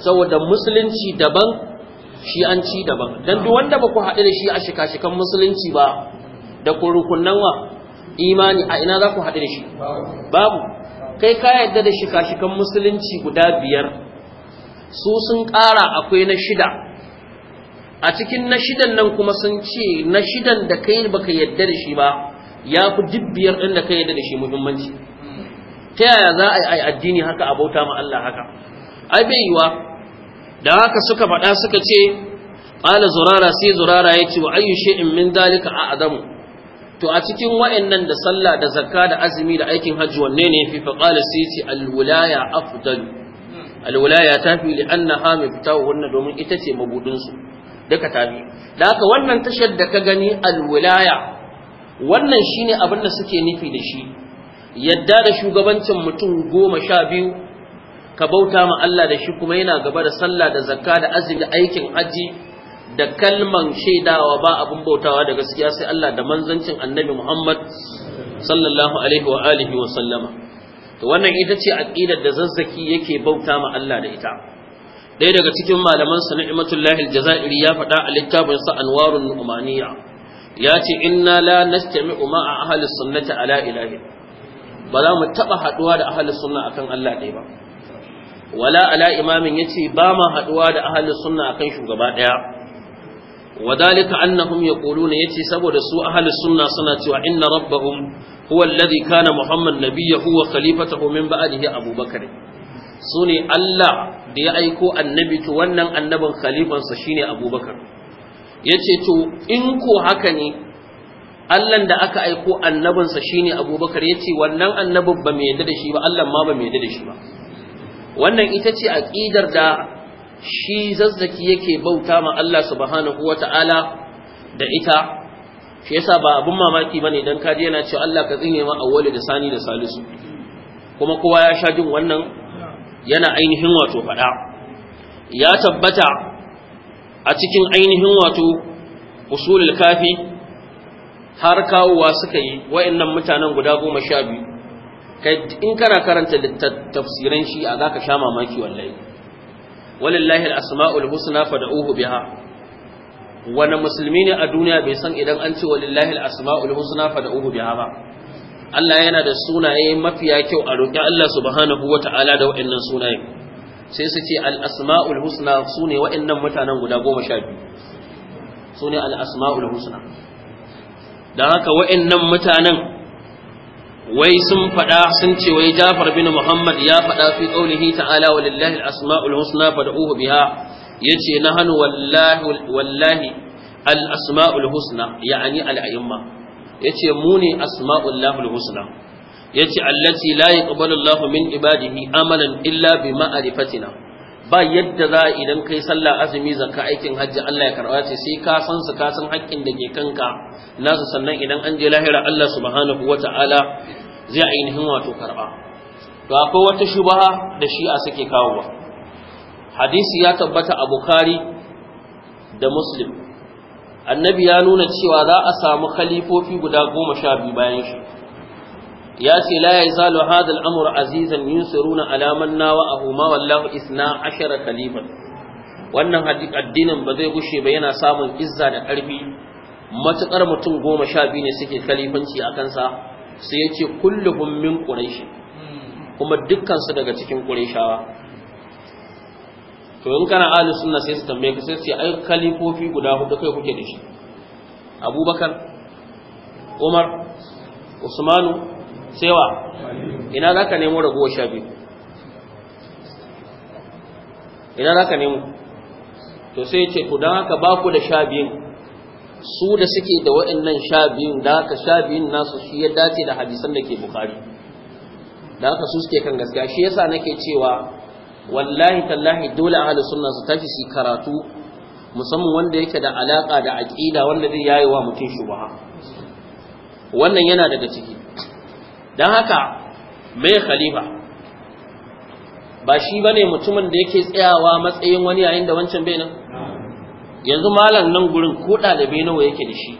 A: saboda musulunci daban shi an ci daban dan duk wanda ba ku haɗu da shi a shika-shikan musulunci ba da kurukunan wa imani a ina za ku haɗu da shi babu kai ka yadda da shika-shikan musulunci guda biyar su sun ƙara akwai na shida a cikin na shidan nan kuma sun ce na shidan da kai baka yadda da shi ba ya fi dibbiyar ɗin da ka yadda da shi muhimmanci ta yaya za a yi addini haka a bauta ma Allah haka ai bai yiwa da haka suka faɗa suka ce ƙala zurara sai zurara ya ce wa ayyu shay'in min dalika a adamu to a cikin wa'annan da sallah da zakka da azumi da aikin hajji wanne ne fi fa qala sai ce al wilaya afdalu al wilaya tafi li annaha miftahu wannan domin ita ce mabudin su duka tafi da haka wannan tashar da ka gani Alwilaya? wannan shine abin da suke nufi da shi yadda da shugabancin mutum goma sha biyu ka bauta ma Allah da shi kuma yana gaba da sallah da zakka da azumi aikin aji, da kalman shaidawa ba abin bautawa da gaskiya sai Allah da manzancin annabi Muhammad sallallahu alaihi wa alihi wa sallama to wannan ita ce aqidar da zazzaki yake bauta ma Allah da ita ɗaya daga cikin malaman sa jazairi aljazairi ya faɗa a littafin sa anwarun nu'maniyya ya ce inna la nastami umar a ahalin sunnata ala ilahi ba za mu taɓa haɗuwa da ahalin sunna akan Allah ba wala ala ya ce ba ma haɗuwa da ahalin sunna akan shugaba ɗaya wa dalika annahum yaquluna yace saboda su ahalus sunna suna cewa inna rabbahum huwa alladhi kana muhammad nabiyya huwa khalifatuhu min ba'dihi abubakar sune allah da ya aiko annabi to wannan annabin khalifansa shine abubakar ya ce to in ko haka ne allan da aka aiko annabinsa shine abubakar ya ce wannan annabin ba mai yadda da shi ba allan ma ba mai yadda da shi ba wannan ita ce aƙidar da shi zazzaki yake bauta ma allah subhanahu ta'ala da ita shi yasa ba abin mamaki ba ne don kaji yana cewa allah ka tsinye ma awwali da sani da salisu kuma kowa ya sha jin wannan yana ainihin wato faɗa ya tabbata a cikin ainihin wato usulul kafi har kawowa suka yi wa'annan mutanen guda goma sha biyu kai in kana karanta tafsiran shi a zaka sha mamaki wallahi walillahi al-asma'ul husna fad'uhu biha wani musulmi ne a duniya bai san idan an ce walillahi al-asma'ul husna fad'uhu biha ba Allah yana da sunaye mafiya kyau a roƙi Allah subhanahu wata'ala da wa'annan sunayen sai su ce al-asma'ul husna sune wa'annan mutanen guda goma sha biyu Su ne alasmaul husna Da haka wa'annan mutanen wai sun faɗa sun ce wai Jafar bin Muhammad ya fada fi qaulihi ta'ala walillahi al alasmaul husna biya. Ya ce na hannu wallahi alasmaul asmaul husna yani al Ya ce mu ne asma'ul lahul husna ya ce la yaqbalu Allahu min ibadihi amalan illa bi ma'arifatina. ba yadda za idan kai sallah azumi zakka aikin hajji Allah ya karba ce sai ka san su ka san haƙƙin da ke kanka nasu sannan idan an je lahira Allah subhanahu wata'ala zai ainihin wato karba to akwai wata shubaha da shi a suke kawowa hadisi ya tabbata a Bukhari da Muslim annabi ya nuna cewa za a samu khalifofi guda goma sha biyu bayan shi ya ce la ya zalu hadha al-amr azizan yusiruna ala man nawa a huma wallahu isna ashara kalifan. wannan addinin ba zai gushe ba yana samun izza da ƙarfi matuƙar mutum goma sha biyu ne suke kalifanci a kansa sai ya ce kulluhum min ƙurashi kuma dukkansu daga cikin ƙurashawa to in kana ahli sunna sai su tambaye ka sai su ai kalifofi guda hudu kai kuke da shi Abubakar Umar Usmanu sewa ina za ka nemo ragowar sha biyu ina za ka nemo to sai ce ku, don haka ba ku da sha biyun su da suke da waɗannan sha biyun da haka sha biyun nasu shi ya dace da hadisan da ke bukari da haka su suke kan gaskiya shi yasa nake cewa wallahi tallahi dole ahlus sunna su tashi su karatu musamman wanda yake da alaka da aqida wanda zai yayi wa mutum shubha wannan yana daga ciki don haka mai khalifa ba shi ba ne mutumin da yake tsayawa matsayin wani yayin da wancan bai nan yanzu malam nan gurin ko ɗalibai nawa yake da shi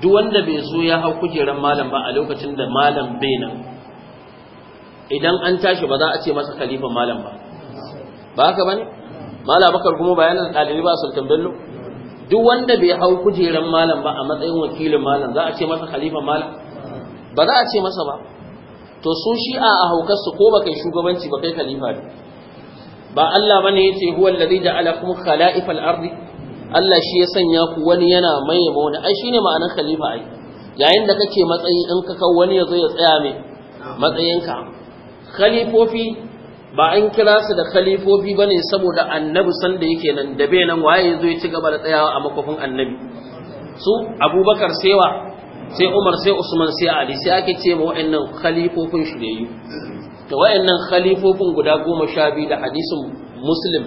A: duk wanda bai zo ya hau kujerar malam ba a lokacin da malam bai nan idan an tashi ba za a ce masa khalifa malam ba ba haka ba ne malam bakar kuma bayanan ɗalibai ba sultan bello duk wanda bai hau kujerar malam ba a matsayin wakilin malam za a ce masa khalifa malam ba za a ce masa ba to su shi'a a haukarsu ko ba kai shugabanci ba kai khalifa ne ba Allah ya ce huwa allazi ja'ala kum khala'ifal ardi Allah shi ya sanya ku wani yana maye ma wani ai shine ma'anar khalifa ai yayin da kake matsayi in ka kawo wani zo ya tsaya mai matsayinka khalifofi ba an kira su da khalifofi bane saboda annabi sanda yake nan da bai nan waye yazo ya ci gaba da tsayawa a makofin annabi su abubakar sewa sai Umar sai Usman sai Ali sai ake ce ma wa'annan khalifofin shi ne yi. to wa'annan khalifofin guda goma sha biyu da hadisin Muslim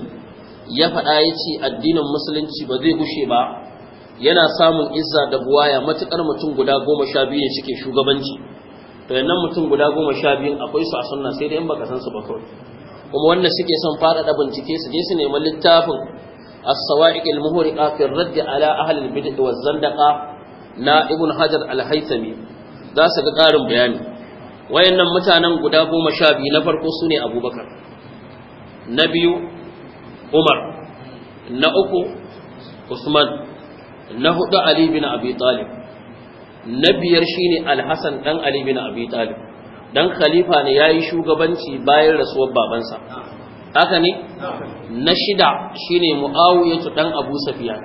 A: ya faɗa ya ce addinin musulunci ba zai gushe ba yana samun izza da buwaya matukar mutum guda goma sha biyu ne suke shugabanci to yannan mutum guda goma sha biyu akwai su a sunna sai dai in baka san su ba kawai kuma wanda suke son faɗaɗa bincike su je su nemi littafin as-sawa'iq al-muhriqa fi ar-radd ala ahli al-bid'ah wa zandaqa na ibn hajar al-haythami za su ga ƙarin bayani wayannan mutanen guda goma sha biyu na farko su ne abubakar na biyu umar na uku usman na hudu ali bin abi talib na biyar shine al-hasan dan ali bin abi talib dan khalifa ne yayi shugabanci bayan rasuwar babansa haka ne na shida shine muawiya dan abu safiya.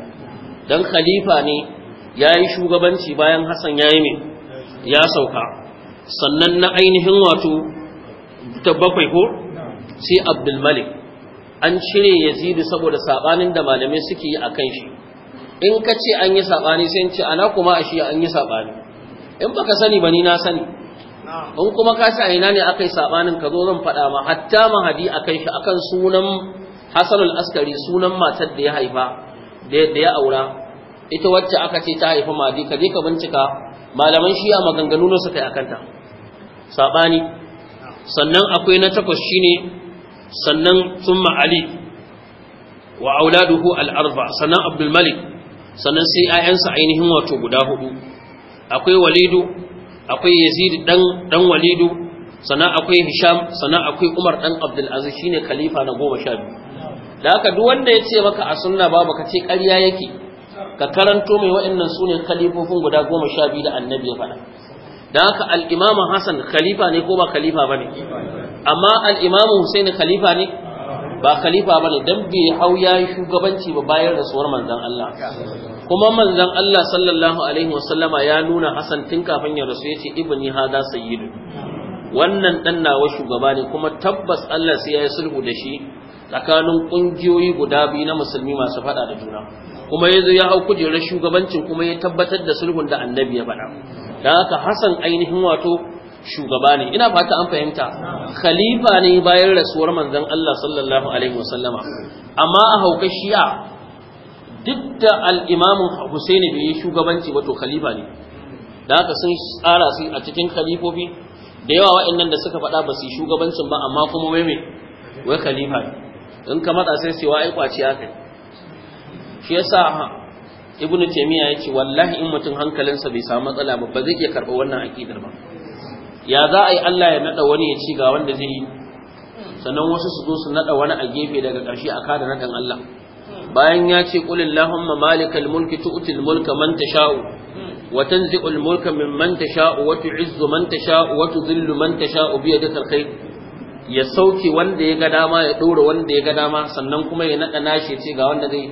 A: dan khalifa ne ya yi shugabanci bayan hassan ya yi ya sauka sannan na ainihin wato ta bakwai ko sai abdulmalik an cire yazidu saboda sabanin da malamai suke yi a kan shi in ka ce an yi sabani sai ce ana kuma a shi an yi sabani in baka sani ba ni na sani in kuma ka a ina ne aka yi sabanin ka zo zan faɗa ma hatta mahadi akan shi akan sunan hasanul askari sunan matar da ya haifa da ya aura ita wacce aka ce ta haifi madi ka je ka bincika malaman shi a maganganu na suka yi akan ta sabani sannan akwai na takwas shine sannan thumma ali wa auladuhu al-arba sannan abdul malik sannan sai ayansa ainihin wato guda hudu akwai walidu akwai yazid dan dan walidu sannan akwai hisham sannan akwai umar dan abdul aziz shine khalifa na 12 da haka duk wanda ya ce maka a sunna babu kace ƙarya yake ka karanto mai wa'annan su ne kalifofin guda goma sha biyu da annabi ya faɗa Da haka al'imamun hassan khalifa ne ko ba khalifa ba ne amma al'imamun husain khalifa ne ba khalifa ba ne don bai hau ya yi shugabanci ba bayan rasuwar manzan Allah kuma manzan Allah sallallahu alaihi wasallama ya nuna hassan tun kafin ya rasu ya ce ibni hada sayyidu wannan dan nawa shugaba ne kuma tabbas Allah sai ya yi sulhu da shi tsakanin ƙungiyoyi guda biyu na musulmi masu faɗa da juna kuma ya zo ya hau kujerar shugabancin kuma ya tabbatar da sulhun da annabi ya faɗa da haka hasan ainihin wato shugaba ne ina fata an fahimta khalifa ne bayan rasuwar manzon Allah sallallahu alaihi wasallama amma a hauka shi'a duk da al-imamu Husaini bai yi shugabanci ba khalifa ne da haka sun tsara su a cikin khalifofi da yawa waɗannan da suka faɗa ba su yi shugabancin ba amma kuma wai me wai khalifa ne in ka matsa sai sai ai kwaci aka shi yasa ibnu taymiya yace wallahi in mutum hankalinsa bai samu matsala ba ba zai iya karɓa wannan aqidar ba ya za a yi Allah ya nada wani ya ci ga wanda zai yi sannan wasu su zo su nada wani a gefe daga ƙarshe a kada nadan Allah bayan ya ce qul allahumma malikal mulki tu'til mulka man tasha'u wa tanzi'ul mulka mimman tasha'u wa tu'izzu man tasha'u wa tudhillu man tasha'u bi yadika alkhair ya sauke wanda ya ga dama ya dora wanda ya ga dama sannan kuma ya nada nashi ce ga wanda zai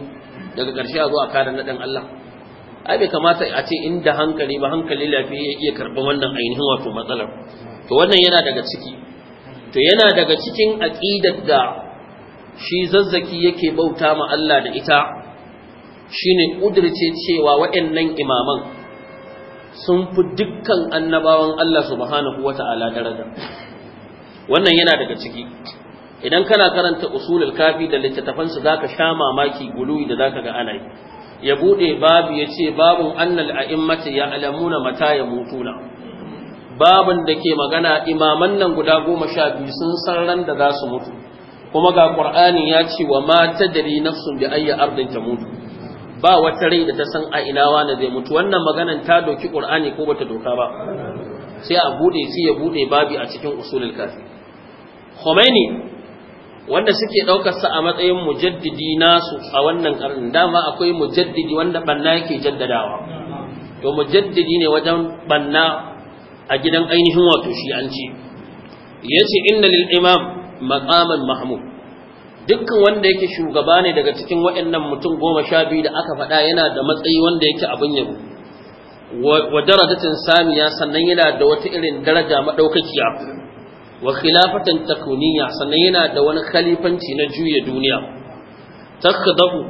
A: daga ƙarshe a zo a kare Allah ai bai kamata a ce inda hankali ba hankali lafiya ya iya karɓar wannan ainihin wato matsalar to wannan yana daga ciki to yana daga cikin aƙidar da shi zazzaki yake bauta ma Allah da ita shine ƙudirce cewa waɗannan imaman sun fi dukkan annabawan Allah subhanahu wata'ala daraja wannan yana daga ciki idan kana karanta usulul kafi da littattafan su zaka sha mamaki gului da zaka ga ala'i. ya bude babu yace babu annal a'immati ya'lamuna mata mutuna. babun da ke magana imaman nan guda goma sha biyu sun san ran da za su mutu kuma ga qur'ani ya ce wa ma tadri nafsun bi ayyi ardin tamutu ba wata rai da ta san a ina wani zai mutu wannan maganan ta doki qur'ani ko bata doka ba sai a bude sai ya bude babi a cikin usulul kafi Khomeini wanda suke daukar sa a matsayin mujaddidi nasu a wannan karni dama akwai mujaddidi wanda banna yake jaddadawa to mujaddidi ne wajen banna a gidan ainihin wato shi an ce yace inna lil imam maqaman mahmud dukkan wanda yake shugaba ne daga cikin waɗannan mutum goma sha biyu da aka faɗa yana da matsayi wanda yake abin yabo wa darajatin samiya sannan yana da wata irin daraja madaukakiya wa khilafatan takuniya sannan yana da wani khalifanci na juya duniya takhdahu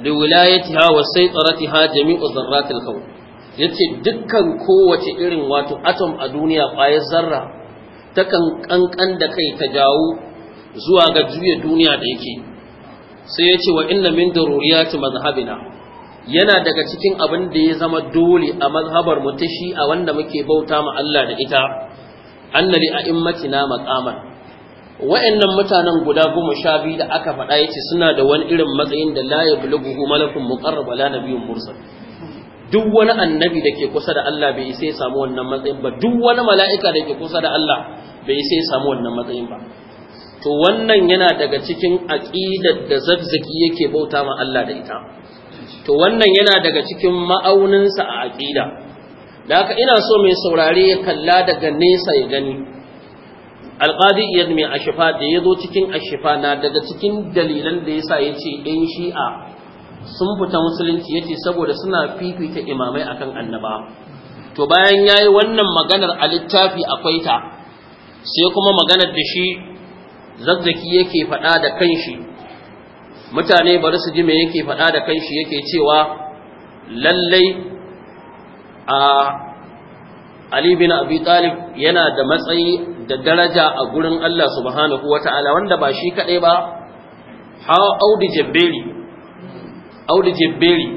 A: li wilayatiha wa saytaratiha jami'u al kawn yace dukkan kowace irin wato atom a duniya ƙwayar zarra takan kankan da kai ta jawo zuwa ga juya duniya da yake sai yace wa inna min daruriyati mazhabina yana daga cikin abin da ya zama dole a mazhabar mu ta a wanda muke bauta ma Allah da ita annali a immatina maqaman wa'annan mutanen guda goma sha biyu da aka faɗa yace suna da wani irin matsayin da la yablughu malakun muqarrab la nabiyyun mursal duk wani annabi da ke kusa da Allah bai sai samu wannan matsayin ba duk wani mala'ika da ke kusa da Allah bai sai samu wannan matsayin ba to wannan yana daga cikin aqidar da zabzaki yake bauta ma Allah da ita to wannan yana daga cikin ma'auninsa a aqida da haka ina so mai saurare ya kalla daga nesa ya gani alƙadi iyad mai ashifa da ya zo cikin ashifa na daga cikin dalilan da ya sa ya ce ɗan shi'a sun fita musulunci ya ce saboda suna fifita imamai akan annaba to bayan ya yi wannan maganar a littafi akwai ta sai kuma maganar da shi zazzaki yake faɗa da kanshi mutane bari su ji me yake faɗa da kanshi yake cewa lallai a Ali bin Abi Talib yana da matsayi da daraja a gurin Allah subhanahu wata'ala wanda ba shi kaɗai ba hawa Audi Jabberi Audi Jabberi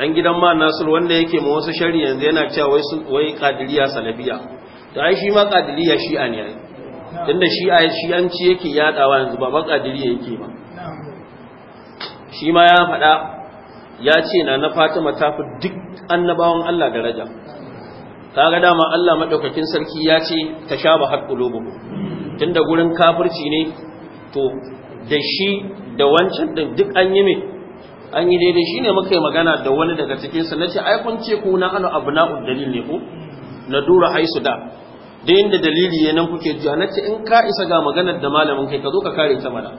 A: dan gidan ma Nasir wanda yake ma wasu shari yanzu yana cewa wai wai Qadiriyya Salafiya to ai shi ma Qadiriyya Shi'a ne ai
B: tunda an ci yake yadawa yanzu ba ba Qadiriyya
A: yake ba shi ma ya faɗa ya ce na na Fatima ta fi duk annabawan Allah daraja kaga dama Allah madaukakin sarki ya ce tashabahat qulubuhum tunda gurin kafirci ne to da shi da wancan din duk an yi me an yi daidai shine muka yi magana da wani daga cikin su nace ai kun ce ku na anu abna'u dalil ne ku? na dura haisu da da inda dalili ya nan kuke jiya nace in ka isa ga maganar da malamin kai ka zo ka kare ta mana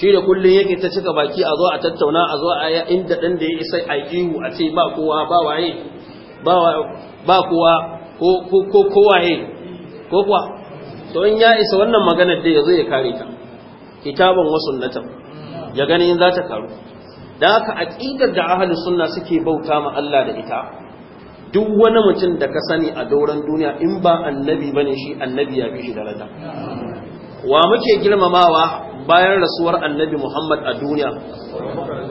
A: shi da kullum yake ta cika baki a zo a tattauna a zo a inda ɗan da ya isa a ihu a ce ba kowa ba waye ba kowa ko kowaye ko kuwa to in ya isa wannan maganar da ya zo ya kare ta kitabun wasu ya gani in za ta karu da haka aqidar da ahlus sunna suke bauta ma Allah da ita duk wani mutum da ka sani a dauran duniya in ba annabi bane shi annabi ya fi shi daraja wa muke girmamawa bayan rasuwar annabi Muhammad a duniya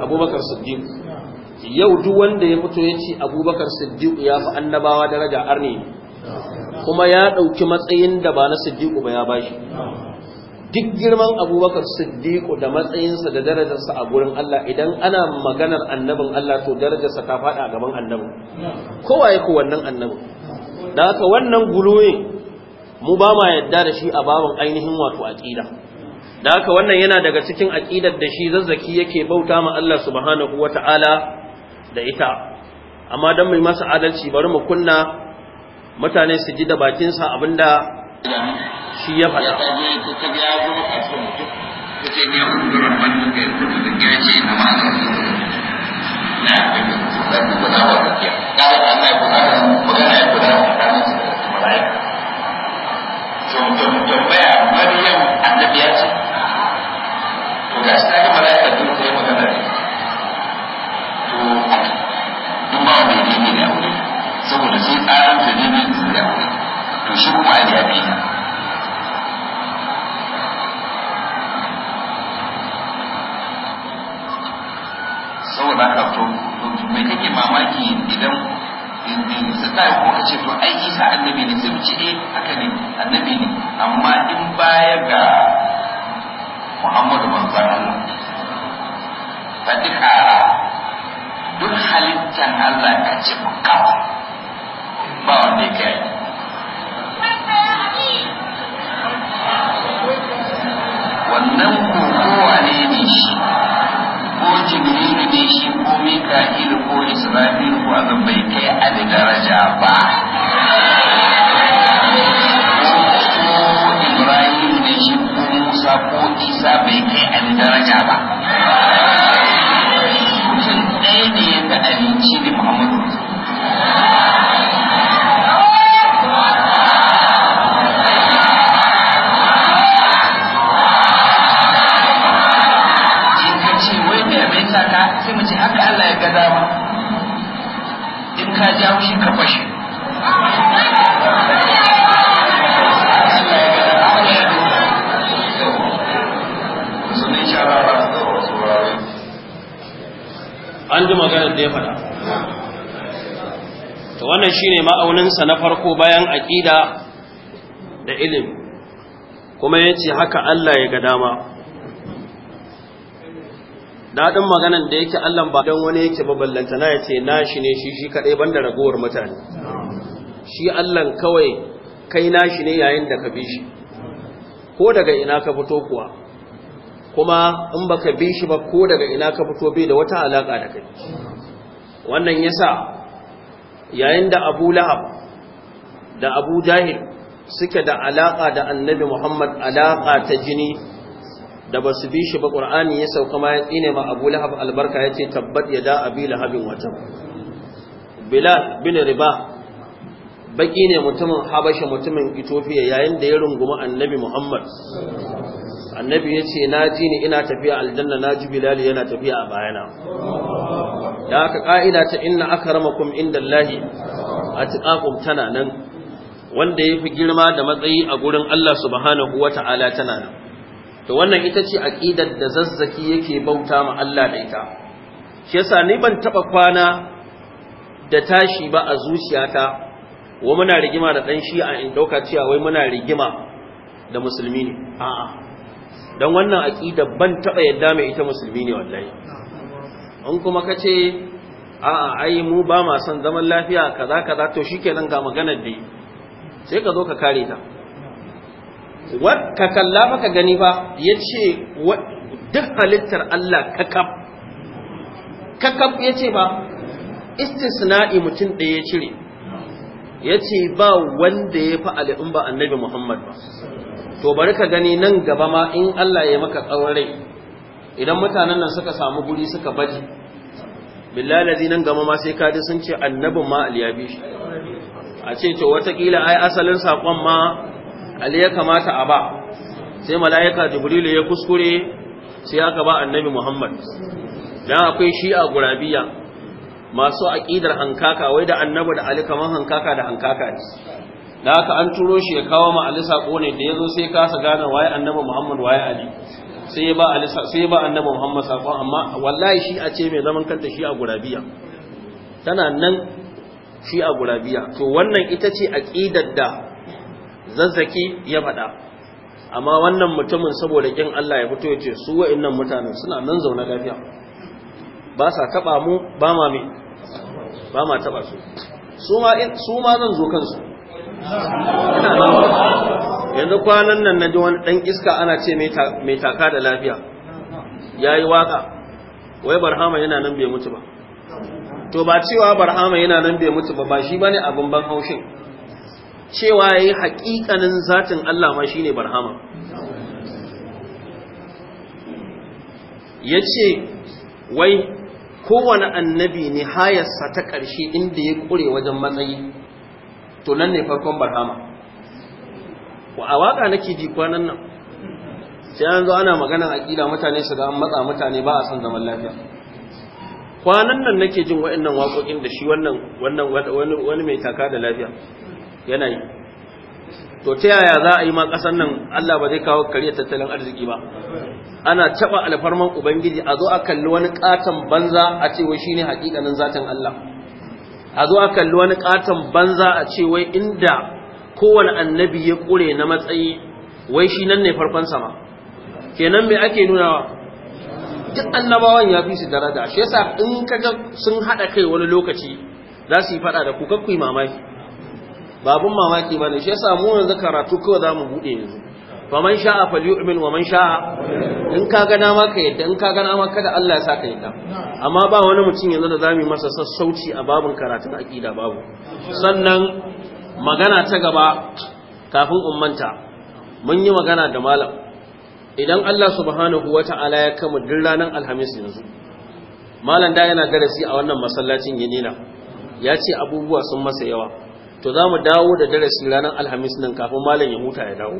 A: abubakar siddiq yau duk wanda ya mutu ya ce abubakar siddiq ya fi annabawa daraja arne kuma ya ɗauki matsayin da ba na siddiq ba ya ba shi duk girman abubakar siddiq da matsayinsa da darajarsa a gurin Allah idan ana maganar annabin Allah to darajarsa ta faɗa a gaban annabin kowa ya ku wannan annabin da haka wannan guloyin mu ba ma yadda da shi a baban ainihin wato aƙida da haka wannan yana daga cikin aƙidar da shi zazzaki yake bauta ma Allah subhanahu wata'ala da ita amma dan mai masa adalci bari mu kunna mutane su ji da bakinsa abinda
B: shi ya faɗa tambaya ga shi na mala'ika duk sai magana ne to in ba mai dini da aure saboda sai tsarin ta dini da aure to shi kuma a ya bi saboda haka to mai kake mamaki idan su ta ko a ce to ai isa annabi ne sai mu ce eh haka
A: ne annabi ne amma in baya ga Muhammadu manzon
B: Allah faɗi duk halittan Allah ka ce kafa
A: shi ne ma'auninsa na farko bayan aƙida da ilim kuma ya ce haka Allah ya ga dama daɗin maganan da yake Allah ba don wani yake baballanta na ya ce na shi ne shi shi kaɗai banda ragowar mutane shi Allah kawai kai na shi ne yayin da ka bi shi ko daga ina ka fito kuwa kuma in baka bi shi ba ko daga ina ka fito bai da wata alaƙa da kai wannan yasa yayin da abu lahab da abu jahil suke da alaƙa da annabi muhammad alaƙa ta jini da ba su bi shi ba ƙur'ani ya sauka ma ya tsine ma abu lahab albarka ya ce tabbat ya da abi lahabin wata bilal bin riba baki ne mutumin habasha mutumin itofiya yayin da ya runguma annabi muhammad annabi ya ce na ji ni ina tafiya aljanna na ji bilal yana tafiya a bayana da aka ƙa'ida ta inna Allahi indallahi atqakum tana nan wanda ya fi girma da matsayi a gurin Allah subhanahu wa Ta'ala tana nan to wannan ita ce aqidar da zazzaki yake bauta ma Allah da ita shi yasa ni ban taba kwana da tashi ba a zuciyata wa muna rigima da dan a in dauka cewa wai muna rigima da musulmi ne a'a dan wannan aqidar ban taɓa yadda mai ita musulmi ne wallahi in kuma ka ce a'a ai mu ba ma son zaman lafiya kaza kaza to shikenan ga maganar da sai ka zo ka kare ta ka kalla ka gani fa ya duk halittar Allah kakaf kakaf ya ce fa istisna'i mutum da ya cire yace ba wanda ya fa al'umma annabi Muhammad ba to bari ka gani nan gaba ma in Allah ya maka tsawon rai idan mutanen nan suka samu guri suka baje billahi nan gama ma sai kaji sun ce annabin ma aliyabi shi a ce to watakila ai asalin sakon ma ali ya kamata a ba sai mala'ika jibrilu ya kuskure sai aka ba annabi muhammad dan akwai shi'a gurabiya masu aqidar hankaka wai da annabi da ali kaman hankaka da hankaka ne da haka an turo shi ya kawo ma ali sako ne da yazo sai kasa gane waye annabi muhammad waye ali sai ya ba sai ba annabi Muhammad sako amma wallahi shi a ce mai zaman kanta shi a gurabiya tana nan shi a gurabiya to wannan ita ce aqidar da zazzaki ya faɗa amma wannan mutumin saboda kin Allah ya fito ya ce su wa'annan mutanen suna nan zaune lafiya ba sa taba mu ba ma me ba ma taba su su ma su ma zan zo kansu yanzu kwanan nan na ji wani ɗan iska ana ce mai taka da lafiya ya yi waka wai barhama yana nan bai mutu ba to ba cewa barhama yana nan bai mutu ba ba shi ba ne abin ban haushin cewa ya yi haƙiƙanin zatin Allah ma shi ne barhama ya ce wai kowane annabi ne hayarsa ta ƙarshe inda ya ƙure wajen matsayi to nan ne farkon barhama a waka nake ji kwanan nan sai an zo ana maganar aƙida mutane su ga an matsa mutane ba a son zaman lafiya kwanan nan nake jin wa'annan waƙoƙin da shi wannan wannan wani mai taka da lafiya yana yi to ta yaya za a yi ma ƙasar nan Allah ba zai kawo kariya tattalin arziki ba ana taɓa alfarman ubangiji a zo a kalli wani ƙaton banza a ce wai shine haƙiƙanin zatin Allah a zo a kalli wani katon banza a ce wai inda kowane annabi ya kure na matsayi wai shi nan ne farkon sama kenan me ake nunawa duk annabawan ya fi su darada. shi yasa in kaga sun hada kai wani lokaci za su yi fada da ku mamaki babun mamaki ba ne. shi yasa mu yanzu karatu kawai za mu bude yanzu fa man sha'a falyu'min wa man sha'a in ka ga dama ka yadda in ka ga dama kada Allah ya sa yadda amma ba wani mutum yanzu da zamu masa sassauci a babun karatun aqida babu sannan magana ta gaba kafin ummanta mun yi magana da malam idan Allah subhanahu wata'ala ya kama duk ranar alhamis yanzu malam da yana darasi a wannan masallacin yinina ya ce abubuwa sun masa yawa to zamu dawo da darasi ranar alhamis nan kafin malam ya huta ya dawo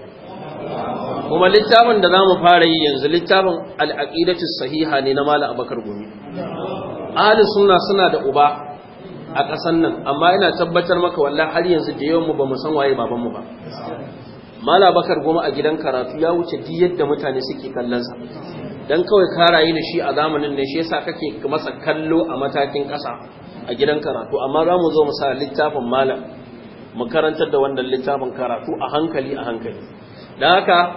A: kuma littafin da zamu fara yi yanzu littafin al sahiha ne na malam abakar gumi ahli sunna suna da uba a ƙasan nan amma ina tabbatar maka wallahi har yanzu da yawan mu mu san waye baban mu ba malam abakar gumi a gidan karatu ya wuce duk yadda mutane suke kallon sa dan kawai ka rayu da shi a zamanin ne shi yasa kake masa kallo a matakin ƙasa a gidan karatu amma za mu zo mu sa littafin malam mu karantar da wannan littafin karatu a hankali a hankali da haka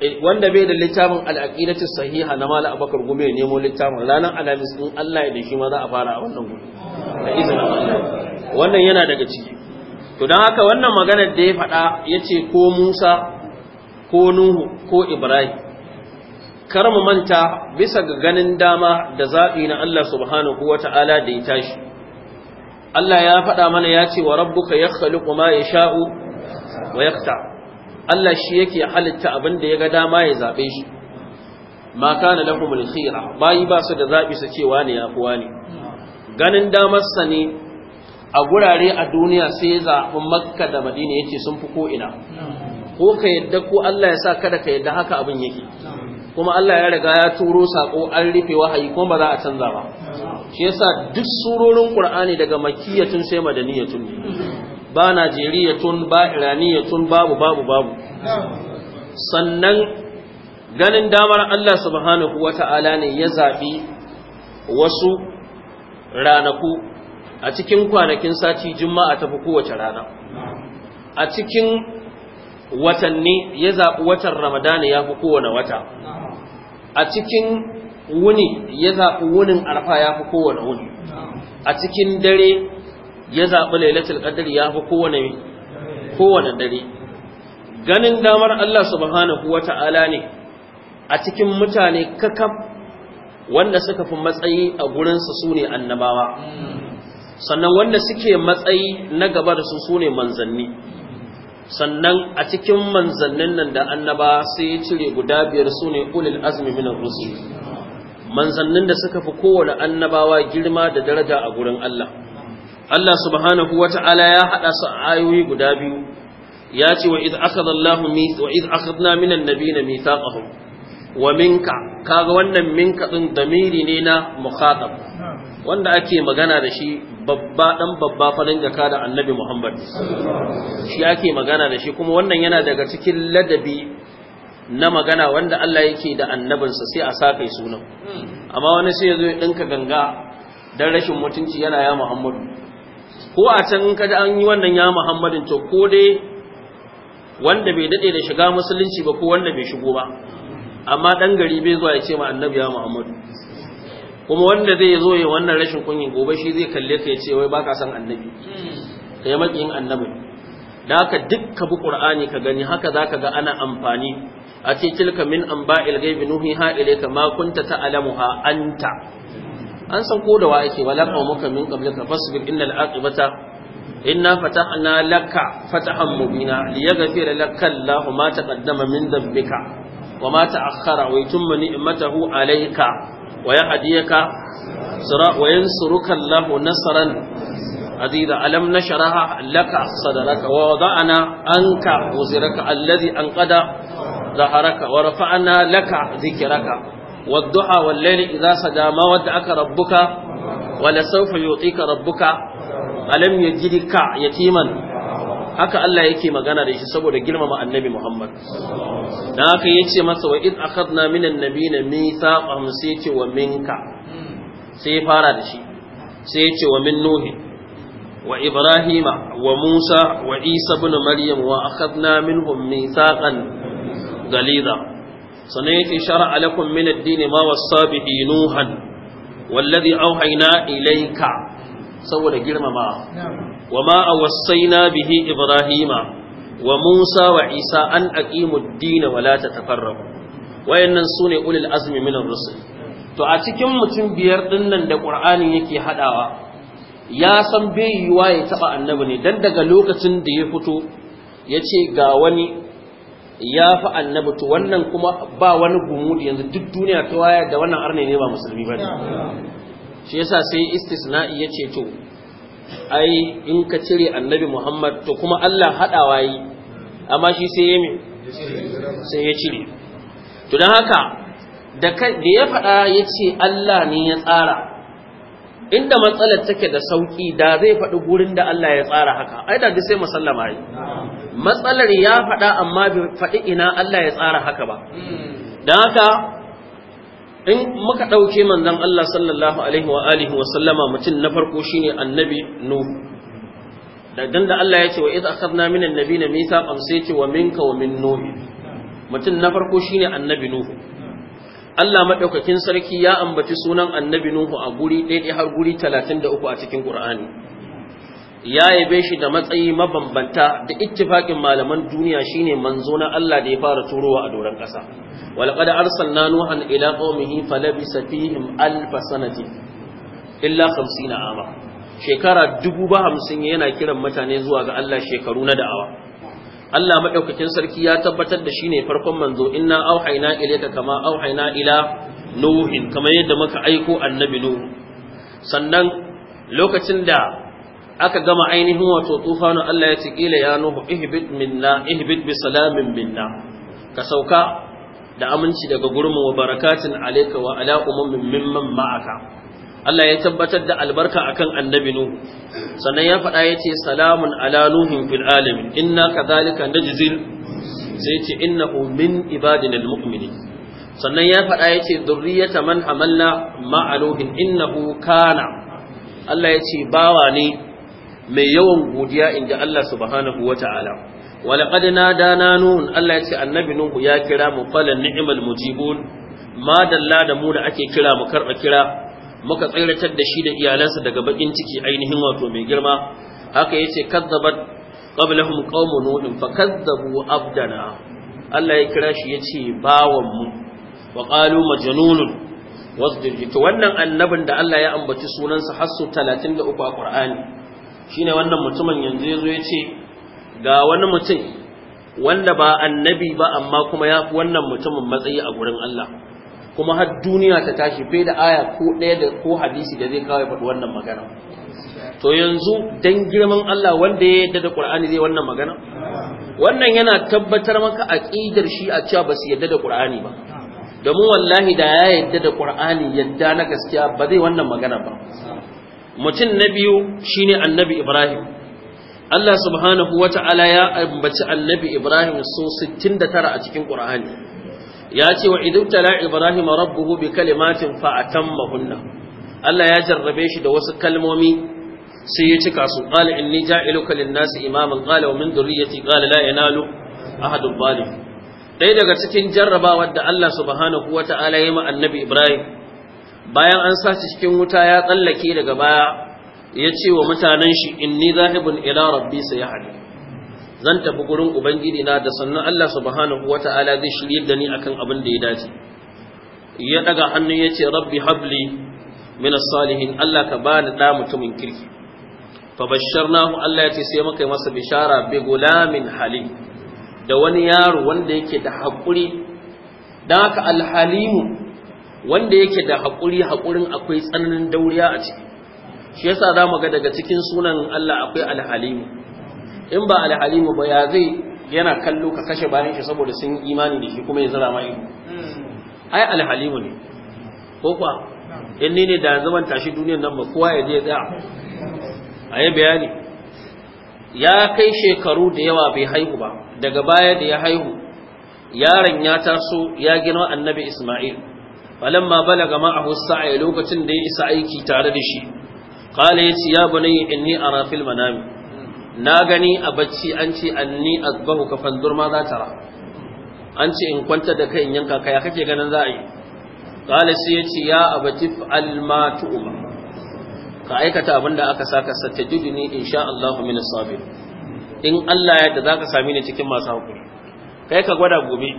A: eh, wanda bai da littafin al'aqidatu sahiha na mala abakar gume ne nemo littafin ranar alhamis in Allah ya da shi ma za a fara a wannan gudu da izinin Allah wannan yana daga ciki to dan haka wannan maganar da ya faɗa ya ce ko Musa ko Nuhu ko Ibrahim kar mu manta bisa ga ganin dama da zaɓi na Allah subhanahu wa ta'ala da ya tashi. Allah ya faɗa mana yace wa rabbuka ya ma yashau sha'u wa yaqta'u Allah shi yake halitta abin da ya ga dama ya zaɓe shi ma kana lahumul khira bayi ba su da zaɓi su cewa ne ya kuwa ne ganin damarsa ne a gurare a duniya sai ya zaɓi makka da madina ya ce sun fi ko ina ko ka yadda ko Allah ya sa kada ka yadda haka abin yake kuma Allah ya riga ya turo sako an rufe wahayi kuma ba za a canza ba shi yasa duk surorin Qur'ani daga makkiyatun sai madaniyatun ne ba Najeriya tun ba tun babu babu babu sannan ganin damar Allah subhanahu Ta'ala ne ya zabi wasu ranaku a cikin kwanakin sati juma'a tafi kowace rana a cikin watanni ya zaɓi watan ramadana ya fi kowane wata a cikin wuni ya zaɓi wunin arfa ya fi kowane wuni a cikin dare ya zaɓi lailatul qadr ya fi kowane kowane dare ganin damar Allah subhanahu wata'ala ne a cikin mutane kakaf wanda suka fi matsayi a gurin su ne annabawa sannan wanda suke matsayi na gaba da su su manzanni sannan a cikin manzannin nan da annaba sai ya cire guda biyar su ne ulil azmi ar rusul manzannin da suka fi kowane annabawa girma da daraja a gurin Allah Allah subhanahu wa ta'ala ya haɗa su ayoyi guda biyu ya ce wa iz akhadallahu mi wa iz akhadna minan nabiyina mithaqahum wa minka kaga wannan minka din damiri ne na mukhatab wanda ake magana da shi babba dan babba farin jaka da annabi Muhammad shi ake magana da shi kuma wannan yana daga cikin ladabi na magana wanda Allah yake da annabinsa sai a sakai sunan amma wani sai ya zo ya ɗinka ganga dan rashin mutunci yana ya Muhammadu ko a can ka an yi wannan ya muhammadin to ko dai wanda bai daɗe da shiga musulunci ba ko wanda bai shigo ba amma ɗan gari bai zuwa ya ce ma annabi ya muhammadu kuma wanda zai zo ya wannan rashin kunyin gobe shi zai kalle ka ya ce wai baka san annabi ka yi annabi da haka duk ka bi qur'ani ka gani haka zaka ga ana amfani a ce tilka min anba'il ghaibi nuhiha ilayka ma kunta ta'lamuha anta an san ko da wa ake wala qaumuka min qablika fasbir innal aqibata inna fatahna laka fatahan mubina liyaghfira laka Allahu ma taqaddama min dhanbika wa ma ta'akhkhara wa yutimma ni'matahu alayka wa yahdiyaka sira wa yansuruka Allahu nasran عزيزة ألم نشرها لك صدرك ووضعنا أنك وزرك الذي أنقذ ظهرك ورفعنا لك ذكرك wadduha wal layli idza saja ma wadda aka rabbuka wala sawfa yutika rabbuka alam yajidka yatiman haka Allah yake magana da shi saboda girmama annabi Muhammad dan haka yace masa wa id akhadna minan nabiyina mithaqahum sai yace wa minka sai fara da shi sai yace wa min nuhi wa ibrahima wa musa wa isa ibn maryam wa akhadna minhum mithaqan galiza sannan yake shar'a alakun min addini din ma wasa bihi nuhan wallazi auhayna ilayka saboda girmama wa ma awasayna bihi ibrahima wa musa wa isa an aqimu ad-din wa la tatafarraqu wayannan sune ulul azmi min ar-rusul to a cikin mutum biyar ɗinnan da Ƙur'ani yake hadawa ya san bai yiwa ya taba annabi ne dan daga lokacin da ya fito ya ce ga wani ya fi annabi to wannan kuma ba wani gumudi yanzu duk duniya ta waya da wannan arne ne ba musulmi ba ne shi yasa sai istisna'i ya ce to ai in ka cire annabi muhammad to kuma allah haɗawa yi amma shi sai ya sai ya cire to don haka da ya faɗa ya ce allah ne ya tsara inda matsalar take da sauƙi da zai faɗi gurin da allah ya tsara haka ai da sai musallama yi matsalar ya faɗa amma bai faɗi ina Allah ya tsara haka ba da haka in muka ɗauke manzon Allah sallallahu alaihi wa alihi wa sallama mutum na farko shine annabi nuhu da dan da Allah ya ce wa iz akhadna minan nabiyina mithaqan sai ce wa minka wa min nuhi mutum na farko shine annabi nuhu Allah maɗaukakin sarki ya ambaci sunan annabi Nuhu a guri ɗaya har guri talatin da uku a cikin Ƙur'ani. ya yabe shi da matsayi mabambanta da ittifakin malaman duniya shine manzo na Allah da ya fara turowa a doron ƙasa walqad arsalna nuhan ila qaumihi falabisa fihim alf sanati illa 50 ama shekara 50 yana kiran mutane zuwa ga Allah shekaru na da'awa Allah madaukakin sarki ya tabbatar da shine farkon manzo inna auhayna ilayka kama auhayna ila nuhin kamar yadda muka aiko annabi nuhu sannan lokacin da aka gama ainihin wato tufanu Allah ya ce kila ya nuhu ihbit minna ihbit bi salamin minna ka sauka da aminci daga gurin wa barakatin alayka wa ala ummin mimman ma'aka Allah ya tabbatar da albarka akan annabi nuhu sannan ya faɗa ya ce salamun ala nuhin fil alamin inna kadhalika najzil sai ce innahu min ibadinal almu'minin sannan ya faɗa ya ce zurriyata man hamalna ma'a nuhin innahu kana Allah ya ce bawa ne mai yawan godiya inda Allah subhanahu wata'ala walaqad nadana nun Allah ya ce annabi nuhu ya kira mu falan ni'mal mujibun ma dalla da mu da ake kira mu karba kira muka tsiratar da shi da iyalansa daga bakin ciki ainihin wato mai girma haka yace kazzabat qablahum qaumun fa kazzabu, abdana Allah ya kira shi yace bawan mu wa qalu majnunun wasdir to wannan annabin da Allah ya ambaci sunansa talatin da 33 a Qur'ani shine wannan mutumin yanzu yazo ya ce ga wani mutum wanda ba annabi ba amma kuma ya fi wannan mutumin matsayi a gurin Allah kuma har duniya ta tashi bai da aya ko ɗaya da ko hadisi da zai kawai faɗi wannan magana to yanzu dan girman Allah wanda ya yadda da Qur'ani zai wannan magana wannan yana tabbatar maka aqidar shi a cewa ba su yadda da Qur'ani ba domin wallahi da ya yadda da Qur'ani yadda na gaskiya ba zai wannan magana ba mutum na biyu shine annabi ibrahim Allah subhanahu wa ta'ala ya ambaci annabi ibrahim so 69 a cikin ƙura'ani. ya ce wa idh tala ibrahim rabbuhu bi kalimatin fa mahunna Allah ya jarrabe shi da wasu kalmomi sai ya cika su qala inni ja'iluka lin-nasi imaman qala wa min dhurriyyati qala la a ahadul zalim ɗaya daga cikin jarrabawar da Allah subhanahu wa ta'ala ya ma annabi ibrahim bayan an sace cikin wuta ya tsallake daga baya ya ce wa mutanen shi inni zahibun ila rabbi sayahdi zan tafi gurin ubangiji na da sannan Allah subhanahu wata'ala zai shirye da ni akan abin da ya dace ya daga hannu ya ce rabbi habli min salihin Allah ka bani da mutumin kirki fa basharnahu Allah ya ce sai muka yi masa bishara bi gulamin halim da wani yaro wanda yake da haƙuri da haka alhalimu wanda yake da haƙuri haƙurin akwai tsananin dauriya a ciki shi yasa za mu ga daga cikin sunan Allah akwai alhalimu in ba alhalimu ba ya zai yana kallo ka kashe bayan shi saboda sun imani da shi kuma ya zara mai ai alhalimu ne ko kwa in ne da zaman tashi duniyar nan ba kowa ya je tsaya a bayani ya kai shekaru da yawa bai haihu ba daga baya da ya haihu yaron ya taso ya gina annabi Ismail falamma balaga ma'ahu sa'i lokacin da ya isa aiki tare da shi qala yace ya bunayya inni ara fil manami na gani a bacci an ce anni azbahu ka fanzur ma za tara an ce in kwanta da kai in yanka kai kake ganin za a yi qala sai yace ya abati fa'al ma ka aikata abin da aka saka satajiduni insha Allah min in Allah ya zaka sami ni cikin masu hakuri kai ka gwada gobe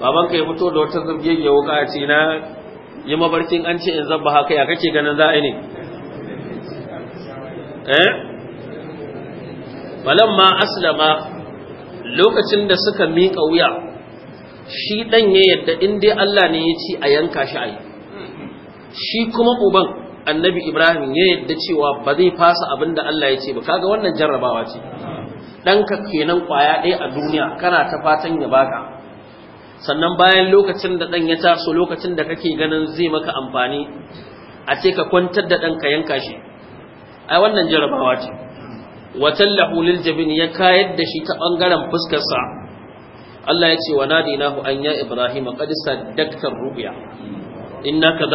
A: baban ka ya fito da wata ya wuka a ce na yi mabarkin an ce in zabba haka ya kake ganin za ne eh ma aslama lokacin da suka miƙa wuya shi ɗan ya yadda in dai Allah ne ya ci a yanka shi a shi kuma uban annabi ibrahim ya yadda cewa ba zai fasa abin da Allah ya ce ba kaga wannan jarrabawa ce ɗanka kenan ƙwaya ɗaya a duniya kana ta fatan ya baka sannan bayan lokacin da ɗan ya taso lokacin da kake ganin zai maka amfani a ce ka kwantar da ɗan ka yanka shi ai wannan jarabawa ce watan lahulil jabin ya kayar da shi ta ɓangaren fuskarsa Allah ya ce wa nadinahu an ya ibrahim ƙadisa daktar ru'ya inna ka,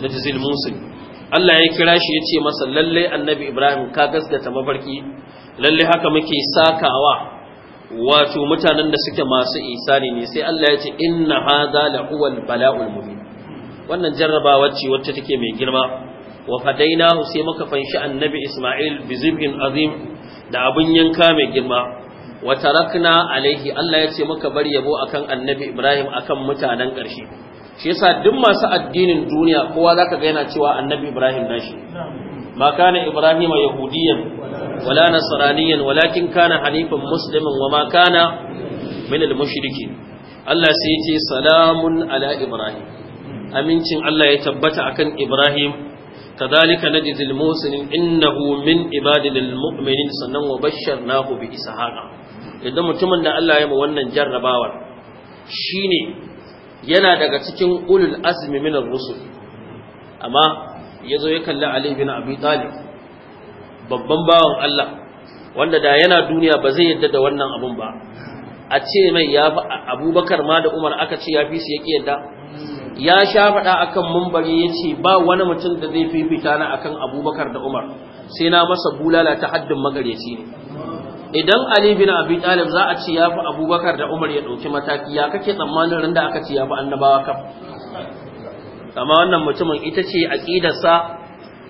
A: na jizil musin Allah ya kira shi ya ce masa lallai annabi Ibrahim ka gaskata mafarki lallai haka muke sakawa wato mutanen da suke masu isani ne sai Allah ya ce inna hadha la Bala'u bala'ul mubin wannan jarrabawa ce wacce take mai girma wa fadainahu sai muka fanshi annabi Isma'il bi zibhin azim da abun yanka mai girma wa tarakna alaihi Allah ya ce muka bar yabo akan annabi Ibrahim akan mutanen ƙarshe shi yasa duk masu addinin duniya kowa zaka ga yana cewa annabi Ibrahim nashi ma kana Ibrahim yahudiyan wala nasraniyan walakin kana hanifan musliman wama kana min al-mushrikin Allah sai yace salamun ala ibrahim amincin Allah ya tabbata akan ibrahim kadhalika najzil muslimin innahu min ibadil mu'minin sannan wa basharnahu bi ishaqa Yanzu mutumin da Allah ya ma wannan jarrabawar shine yana daga cikin ulul azmi minar rusul amma yazo ya kalli Ali bin Abi Talib babban bawan Allah wanda da yana duniya ba zai yadda da wannan abun ba a ce mai ya fi abubakar ma da umar aka ce ya fi su yaƙi yadda ya sha faɗa akan mumbari ya ce ba wani mutum da zai fifita na akan abubakar da umar sai na masa bulala ta haddin magaryaci ne idan ali bin abi talib za a ce ya fi abubakar da umar ya ɗauki mataki ya kake tsammanin rinda aka ce ya fi annabawa kam amma wannan mutumin ita ce aƙidarsa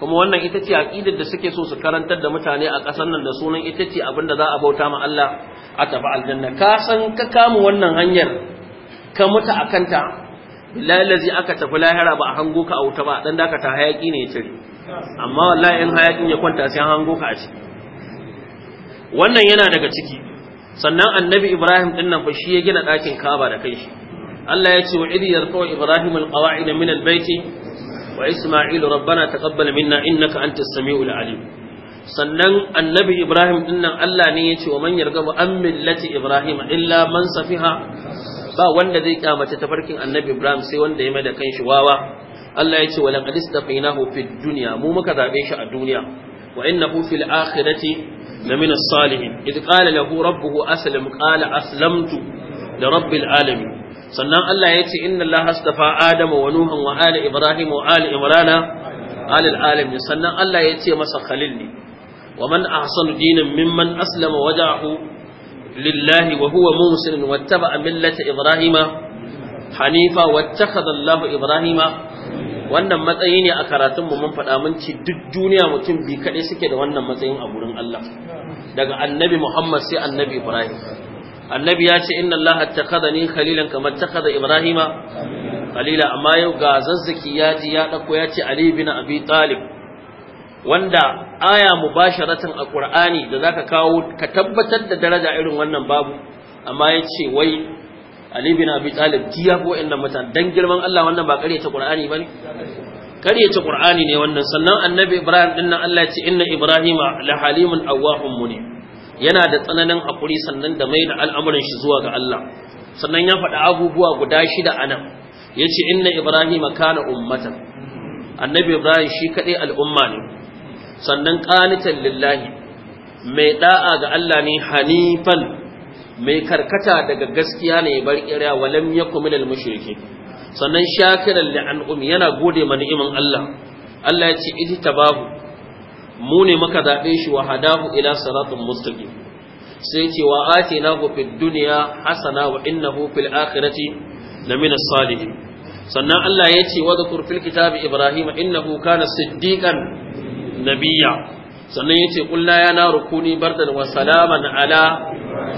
A: kuma wannan ita ce aqidar da suke so su karantar da mutane a ƙasar nan da sunan ita ce abinda za a bauta ma Allah a tafi aljanna ka san ka kama wannan hanyar ka mutu a kanta billahi lazi aka tafi lahira ba a hango ka a wuta ba dan ka ta hayaki ne ya amma wallahi in hayakin ya kwanta sai hango ka a ciki wannan yana daga ciki sannan annabi Ibrahim din nan fa shi ya gina ɗakin Ka'aba da kanshi Allah ya ce wa idh yarfa Ibrahim alqawa'id min albayti wa isma'il rabbana taqabbal minna innaka antas samiul alim sannan annabi ibrahim dinnan Allah ne yace wa man yarghabu an millati ibrahim illa man safiha ba wanda zai kyamata tafarkin annabi ibrahim sai wanda ya mai da kanshi wawa Allah yace wa laqad istafinahu fid dunya mu muka zabe shi a duniya wa innahu fil akhirati لمن الصالحين إذ قال rabbuhu ربه أسلم قال أسلمت لرب العالمين sannan Allah ya ce inna Allah astafa Adama wa Nuhan wa ali Ibrahim wa ali Imrana alil alamin sannan Allah ya ce masa khalil ne wa man ahsanu dinan mimman aslama wajahu lillahi wa huwa muslim wattaba millata Ibrahima hanifa wattakhadha Allah Ibrahima wannan matsayi ne a karatun mu mun faɗa mun ci duk duniya mutum bi kaɗai suke da wannan matsayin a gurin Allah daga annabi Muhammad sai annabi Ibrahim annabi ya ce inna allaha attakhadhani khalilan kama attakhadha ibrahima khalila amma yau ga zazzaki ya ji ya dauko ya ce ali bin abi talib wanda aya mubasharatan a qur'ani da zaka kawo ka tabbatar da daraja irin wannan babu amma ya ce wai ali bin abi talib ji ya ko inda mutan dan girman Allah wannan ba kare ta qur'ani bane kare ta qur'ani ne wannan sannan annabi ibrahim dinnan Allah ya ce inna ibrahima la halimun awwahum munib yana da tsananin haƙuri sannan da mai da al'amuran shi zuwa ga Allah sannan ya faɗi abubuwa guda shida anan, nan ya ce inna ibrahim kana ummatan annabi ibrahim shi kaɗai al'umma ne sannan ƙanitan lillahi mai ɗa'a ga Allah ne hanifan mai karkata daga gaskiya ne bar ƙirya walam yakum minal sannan shakiran li'an'um yana gode ma ni'iman Allah Allah ya ce idhi tabahu mu ne muka zaɓe shi wa hadahu ila salatun mustaqim sai ce wa na fid duniya hasana wa innahu fil akhirati lamina salihin sannan Allah ya ce wa fil kitabi ibrahim innahu kana siddiqan nabiyya sannan ya ce ƙulla ya na rukuni bardan wa salaman ala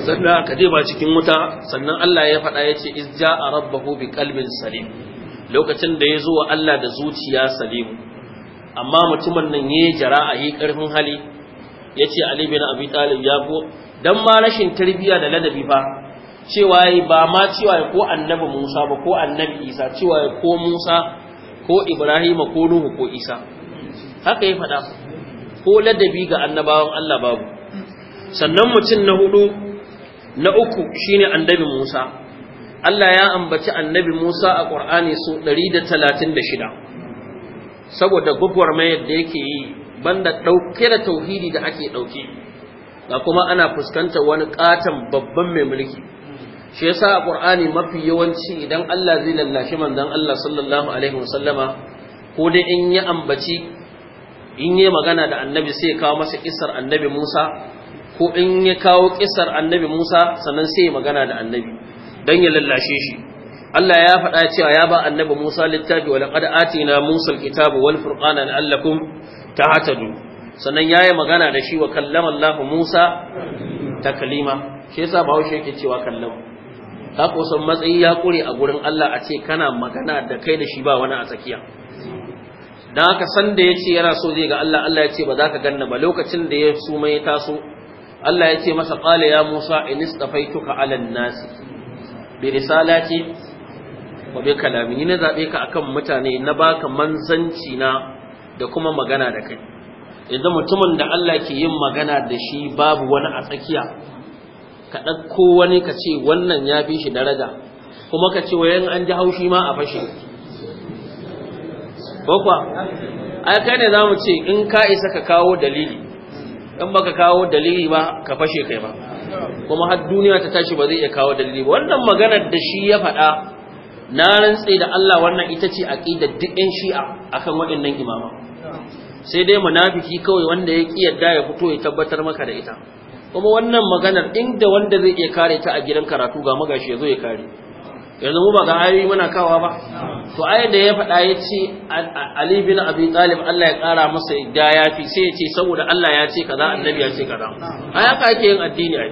A: sannan aka ba cikin wuta sannan Allah ya faɗa ya ce iz a rabbahu bi kalbin salim lokacin da ya zo wa Allah da zuciya salimu amma mutumin nan yayi jara'a yi karfin hali yace Ali bin Abi Talib ya ko dan ma rashin tarbiyya da ladabi fa cewa yi ba ma cewa ko annabi Musa ba ko annabi Isa cewa ko Musa ko Ibrahim ko Nuhu ko Isa haka ya faɗa ko ladabi ga annabawan Allah babu sannan mutum na hudu na uku shine annabi Musa Allah ya ambaci annabi Musa a Qur'ani su 136 saboda mayar da yake yi banda ɗauke da tauhidi da ake ɗauke ga kuma ana fuskanta wani ƙaton babban mai mulki shi yasa a ƙur'ani mafi yawanci idan Allah zai lallashi manzon Allah sallallahu alaihi wasallama ko dai in ya ambaci in yi magana da annabi sai ya kawo masa kisar annabi Musa ko in ya kawo kisar annabi Musa sannan sai ya magana da annabi dan ya lallashe shi Allah ya faɗa cewa ya ba annabi Musa littafi wa laqad atina Musa na wal furqana la'allakum tahtadu sannan yayi magana da shi wa kallama Allah Musa taklima shi yasa Bahaushe yake cewa kallama ka matsayi ya kure a gurin Allah a ce kana magana da kai da shi ba wani a tsakiya dan haka san da yace yana so zai ga Allah Allah ya ce ba za ka ganna ba lokacin da ya suma ya taso Allah ya ce masa qala ya Musa inistafaituka 'alan nasi bi risalati wa bi kalami ni na zabe ka akan mutane na baka manzanci na da kuma magana da kai idan mutumin da Allah ke yin magana da shi babu wani a tsakiya ka ɗauko wani ka ce wannan ya fi shi daraja kuma ka ce wayan an ji haushi ma a fashe bakwa ai kai ne zamu ce in ka isa ka kawo dalili in baka kawo dalili ba ka fashe kai ba kuma har duniya ta tashi ba zai iya kawo dalili ba wannan maganar da shi ya faɗa na rantse da Allah wannan ita ce aqidar duk ɗan shi'a akan waɗannan imama sai dai munafiki kawai wanda ya ki yadda ya fito ya tabbatar maka da ita kuma wannan maganar inda wanda zai iya kare ta a gidan karatu ga magashi ya zo ya kare yanzu mu ba ga ayoyi muna kawa ba to ayar da ya faɗa ya ce Ali bin Abi Talib Allah ya ƙara masa idda ya fi sai ya ce saboda Allah ya ce kaza annabi ya ce kaza a haka ake yin addini ai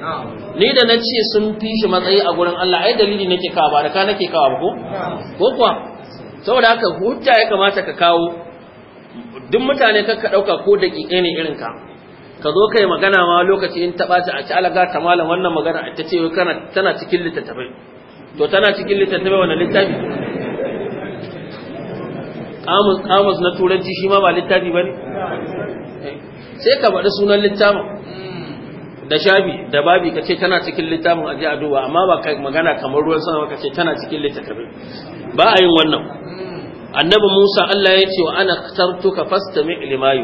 A: ni da na ce sun fi shi matsayi a gurin Allah ai dalili nake kawa ba da ka nake kawa ba ko ko kuwa saboda haka hujja ya kamata ka kawo duk mutane ka ɗauka ko daƙiƙe ne irin ka ka zo kai magana ma lokaci in ta baci a ci alaga ta malam wannan magana ta ce kana tana cikin littattafai to tana cikin littattafai wannan littafi kamus na turanci shi ma ba littafi ba ne sai ka faɗi sunan littafin da shafi da babi ka ce tana cikin littafin aje a duba amma ba magana kamar ruwan sama ka ce tana cikin littattafai ba a yin wannan annabi Musa Allah ya ce wa ana tartuka fastami lima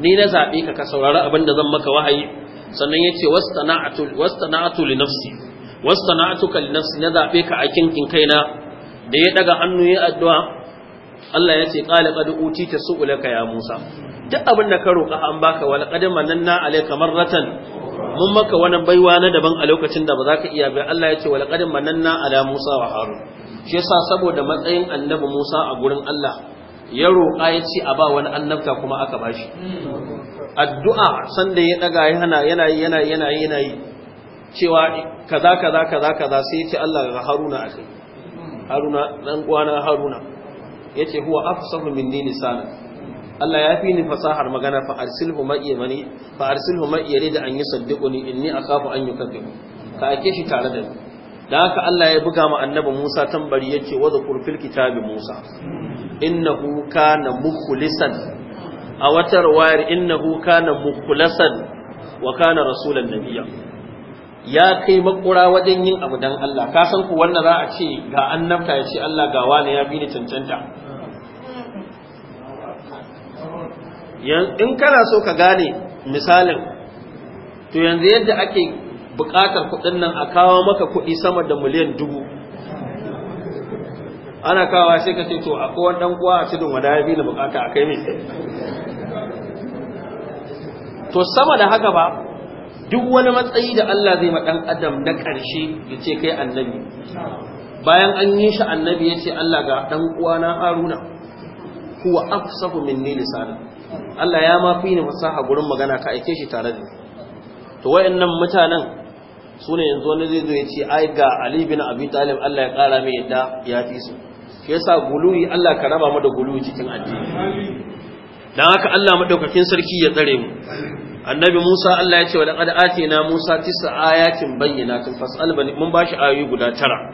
A: ni na zabe ka ka saurari abin da zan maka wahayi sannan ya ce wastana'atu wastana'atu li nafsi wasana'atuka linafsi na zabe ka a kinkin kaina da ya daga hannu ya addu'a Allah ya ce qala qad utita su'ulaka ya Musa duk abin da ka roƙa an baka wal qad mananna alayka marratan mun maka wani baiwa na daban a lokacin da ba za ka iya bai Allah ya ce wal qad mananna ala Musa wa Harun shi yasa saboda matsayin annabi Musa a gurin Allah ya roƙa ya ce a ba wani annabta kuma aka bashi addu'a sanda ya daga yana yana yana yana yana cewa kaza kaza kaza kaza sai ya Allah ga Haruna a kai Haruna dan uwana Haruna yace huwa afsahu dini sana Allah ya fi ni fasahar magana fa arsilhu ma yamani fa arsilhu ma'i da an yi saddiquni inni akhafu an yukaththibu ka ake shi tare da ni da haka Allah ya buga ma annabi Musa tambari yace wa zakur fil kitabi Musa innahu kana mukhlisan a wata riwayar innahu kana mukhlasan wa kana rasulan nabiyya ya kai makura wajen yin abu dan Allah ka san ku wannan za a ce ga annabta ya ce Allah ga wani ya bi ni cancanta in kana so ka gane misalin to yanzu yadda ake bukatar kuɗin nan a kawo maka kuɗi sama da miliyan dubu ana kawo sai ka ce to a wani dan uwa a cikin wada ya bi ni bukata a kai mai to sama da haka ba duk wani matsayi da Allah zai ma dan adam na ƙarshe ya ce kai annabi bayan an yi shi annabi ya ce Allah ga dan uwana Haruna huwa afsahu minni lisana Allah ya ma fi ni fasaha gurin magana ka aike shi tare da to wayannan mutanen su yanzu wani zai zo ya ce ai ga Ali bin Abi Talib Allah ya kara mai yadda ya fi su shi yasa guluyi Allah ka raba mu da guluyi cikin addini dan haka Allah madaukakin sarki ya tsare mu annabi Musa Allah ya ce wa laqad na Musa tis'a ayatin tun fas'al bani mun bashi ayoyi guda tara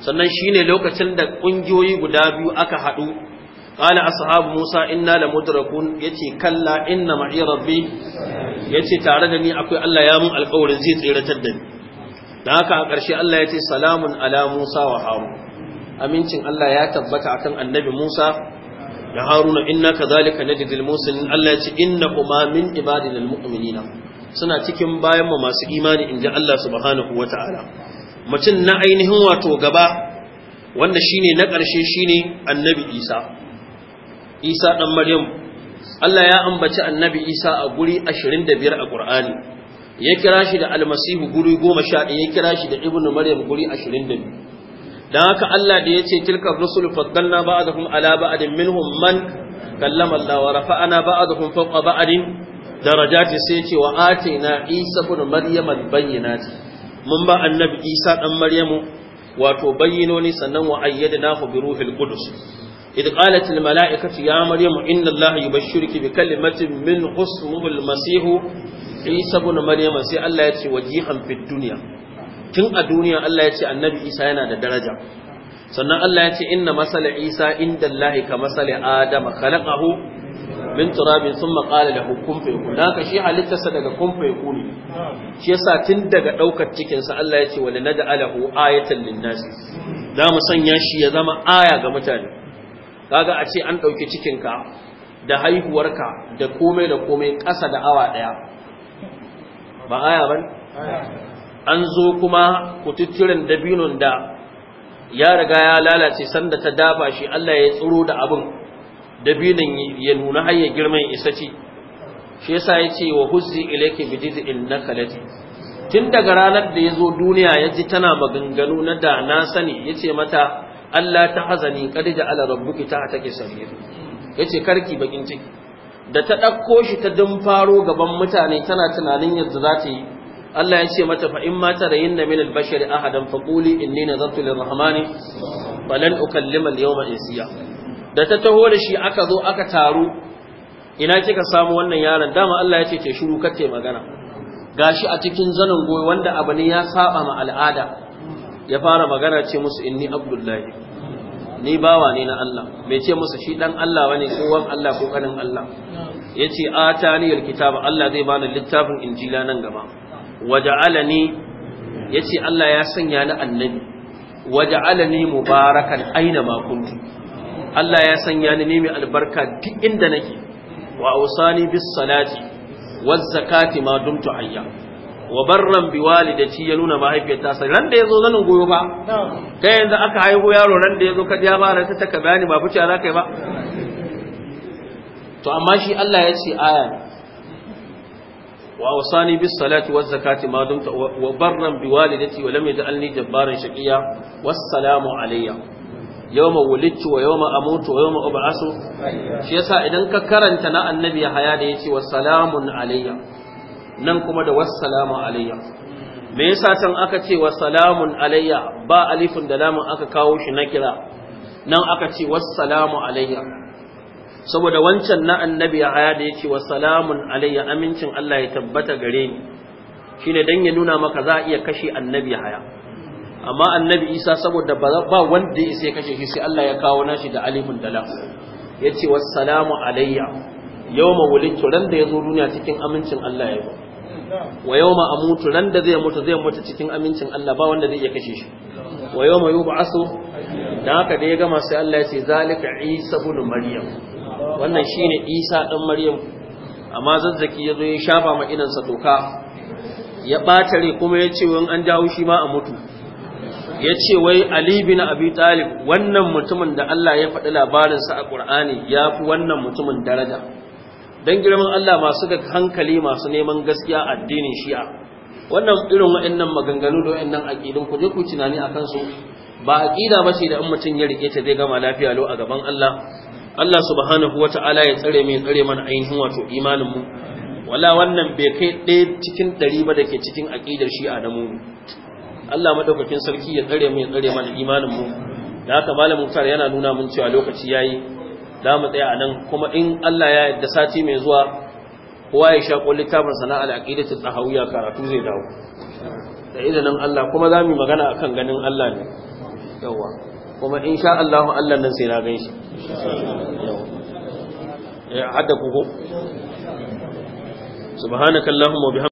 A: sannan shine lokacin da ƙungiyoyi guda biyu aka haɗu qala ashabu Musa inna lamudrakun yace kalla inna ma'i rabbi yace tare da ni akwai Allah ya mun alƙawarin zai tsiratar da ni haka a ƙarshe Allah ya ce salamun ala Musa wa Harun amincin Allah ya tabbata akan annabi Musa ya haruna inna kadhalika najzil muslimin Allah ya ce innahu kuma min ibadina almu'minina suna cikin bayan mu masu imani ji Allah subhanahu wata'ala mutum na ainihin wato gaba wanda shine na ƙarshe shine annabi Isa Isa ɗan Maryam Allah ya ambaci annabi Isa a guri 25 a Qur'ani ya kira shi da almasihu guri 11 ya kira shi da ibnu maryam guri 22 dan haka Allah da yace tilka rusul faddalna ba'dahum ala ba'din minhum man kallama Allah wa rafa'ana ba'dahum fawqa ba'din darajati sai ce wa atina Isa ibn Maryam al-bayyinati mun ba annabi Isa dan Maryamu wato bayyinoni sannan wa ayyadnahu bi ruhil qudus إذ قالت الملائكة يا مريم إن الله يبشرك بكلمة من حسنه المسيح عيسى بن مريم سي الله يتي وجيها في الدنيا tun a duniya Allah ya ce annabi Isa yana da daraja sannan Allah ya ce inna masala Isa inda Allah ka masala Adama khalaqahu min turabin thumma qala lahu kun fayakun haka shi halittarsa daga kun fayakun shi yasa tun daga daukar cikin sa Allah ya ce wa lanad'alahu ayatan linnas da mu sanya shi ya zama aya ga mutane kaga a ce an dauki cikin ka da haihuwarka da komai da komai kasa da awa daya ba aya
B: bane
A: an zo kuma kututturen dabinun da ya riga ya lalace sanda ta dafa shi Allah ya tsiro da abin dabinun ya nuna har ya girma ya isa ci shi yasa ya ce wa huzzi ilayki bi jid'in nakalati tun daga ranar da ya zo duniya ya ji tana maganganu na da na sani ya ce mata Allah ta hazani kadi da ala rabbuki ta take sarri ya ce karki bakin ciki da ta ɗauko shi ta dun faro gaban mutane tana tunanin yadda za ta yi Allah ya ce mata fa in mata da yinna min al-bashar ahadan fa quli inni nazartu lir-rahmani falan ukallima al-yawma insiya da ta taho da shi aka zo aka taru ina kika samu wannan yaron dama Allah ya ce ke shiru kake magana gashi a cikin zanin goyi wanda abu ne ya saba ma al'ada ya fara magana ce musu inni abdullahi ni bawa ne na Allah bai ce musu shi dan Allah bane ko wan Allah ko kanin Allah yace atani al-kitaba Allah zai bani littafin injila nan gaba ya ce Allah ya sanya ni annabi waja'alani mubarakan aina ma kuntu Allah ya sanya ni ne mai albarka duk inda nake wa ausani bis salati waz zakati ma dumtu ayya wa barran bi walidati ya nuna mahaifiyata sai ran da yazo zanin goyo ba kai yanzu aka haihu yaro ran da yazo ka ja ba ran ta ka bayani ba fice za kai ba to amma shi Allah ya ce aya wa wasani bis salati waz zakati ma dumtu wa barran bi walidati wa lam yaj'alni jabbaran shaqiya salamu alayya yawma wulidtu wa yawma amutu wa yawma ub'asu shi yasa idan ka karanta na annabi haya da yace wassalamun alayya nan kuma da wassalamu alayya me yasa can aka ce wassalamun alayya ba alifin da lamun aka kawo shi na kira nan aka ce salamu alayya saboda wancan na annabi ya haya da yake wa salamun alayya amincin Allah ya tabbata gare ni shine dan ya nuna maka za a iya kashe annabi haya amma annabi Isa saboda ba wanda ya sai kashe shi sai Allah ya kawo nashi da alifun dala yace wa salamu alayya yawma wulidtu ran da yazo duniya cikin amincin Allah ya yi wa yawma amutu ran da zai mutu zai mutu cikin amincin Allah ba wanda zai iya kashe shi wa yawma yub'asu dan haka da ya gama sai Allah ya ce zalika Isa ibn Maryam wannan shi ne isa ɗan maryam amma zazzaki ya zo ya shafa ma idansa toka ya ɓatare kuma ya ce wani an dawo shi ma a mutu ya ce wai ali bin abi talib wannan mutumin da Allah ya faɗi labarinsa a ƙur'ani ya fi wannan mutumin daraja don girman Allah masu da hankali masu neman gaskiya addinin shi'a wannan irin wa'annan maganganu da wa'annan aƙidun ku je ku tunani a kansu ba aƙida ba ce da in mutum ya riƙe ta zai gama lafiya lau a gaban Allah Allah subhanahu ta'ala ya tsare mai tsare mana ainihin wato imanin mu wala wannan bai kai ɗaya cikin ɗari ba da ke cikin aƙidar shi a damu Allah madaukakin sarki ya tsare mai tsare mana imanin mu da haka malam muktar yana nuna mun cewa lokaci yayi za mu tsaya a nan kuma in Allah ya yarda sati mai zuwa kowa ya sha kullu littafin sana'al aqidatu tahawiyya karatu zai dawo da idanun Allah kuma za mu yi magana akan ganin Allah ne yawwa kuma in sha Allah Allah nan sai na gan
B: shi ya eh, hada kuku subhanakallahumma wa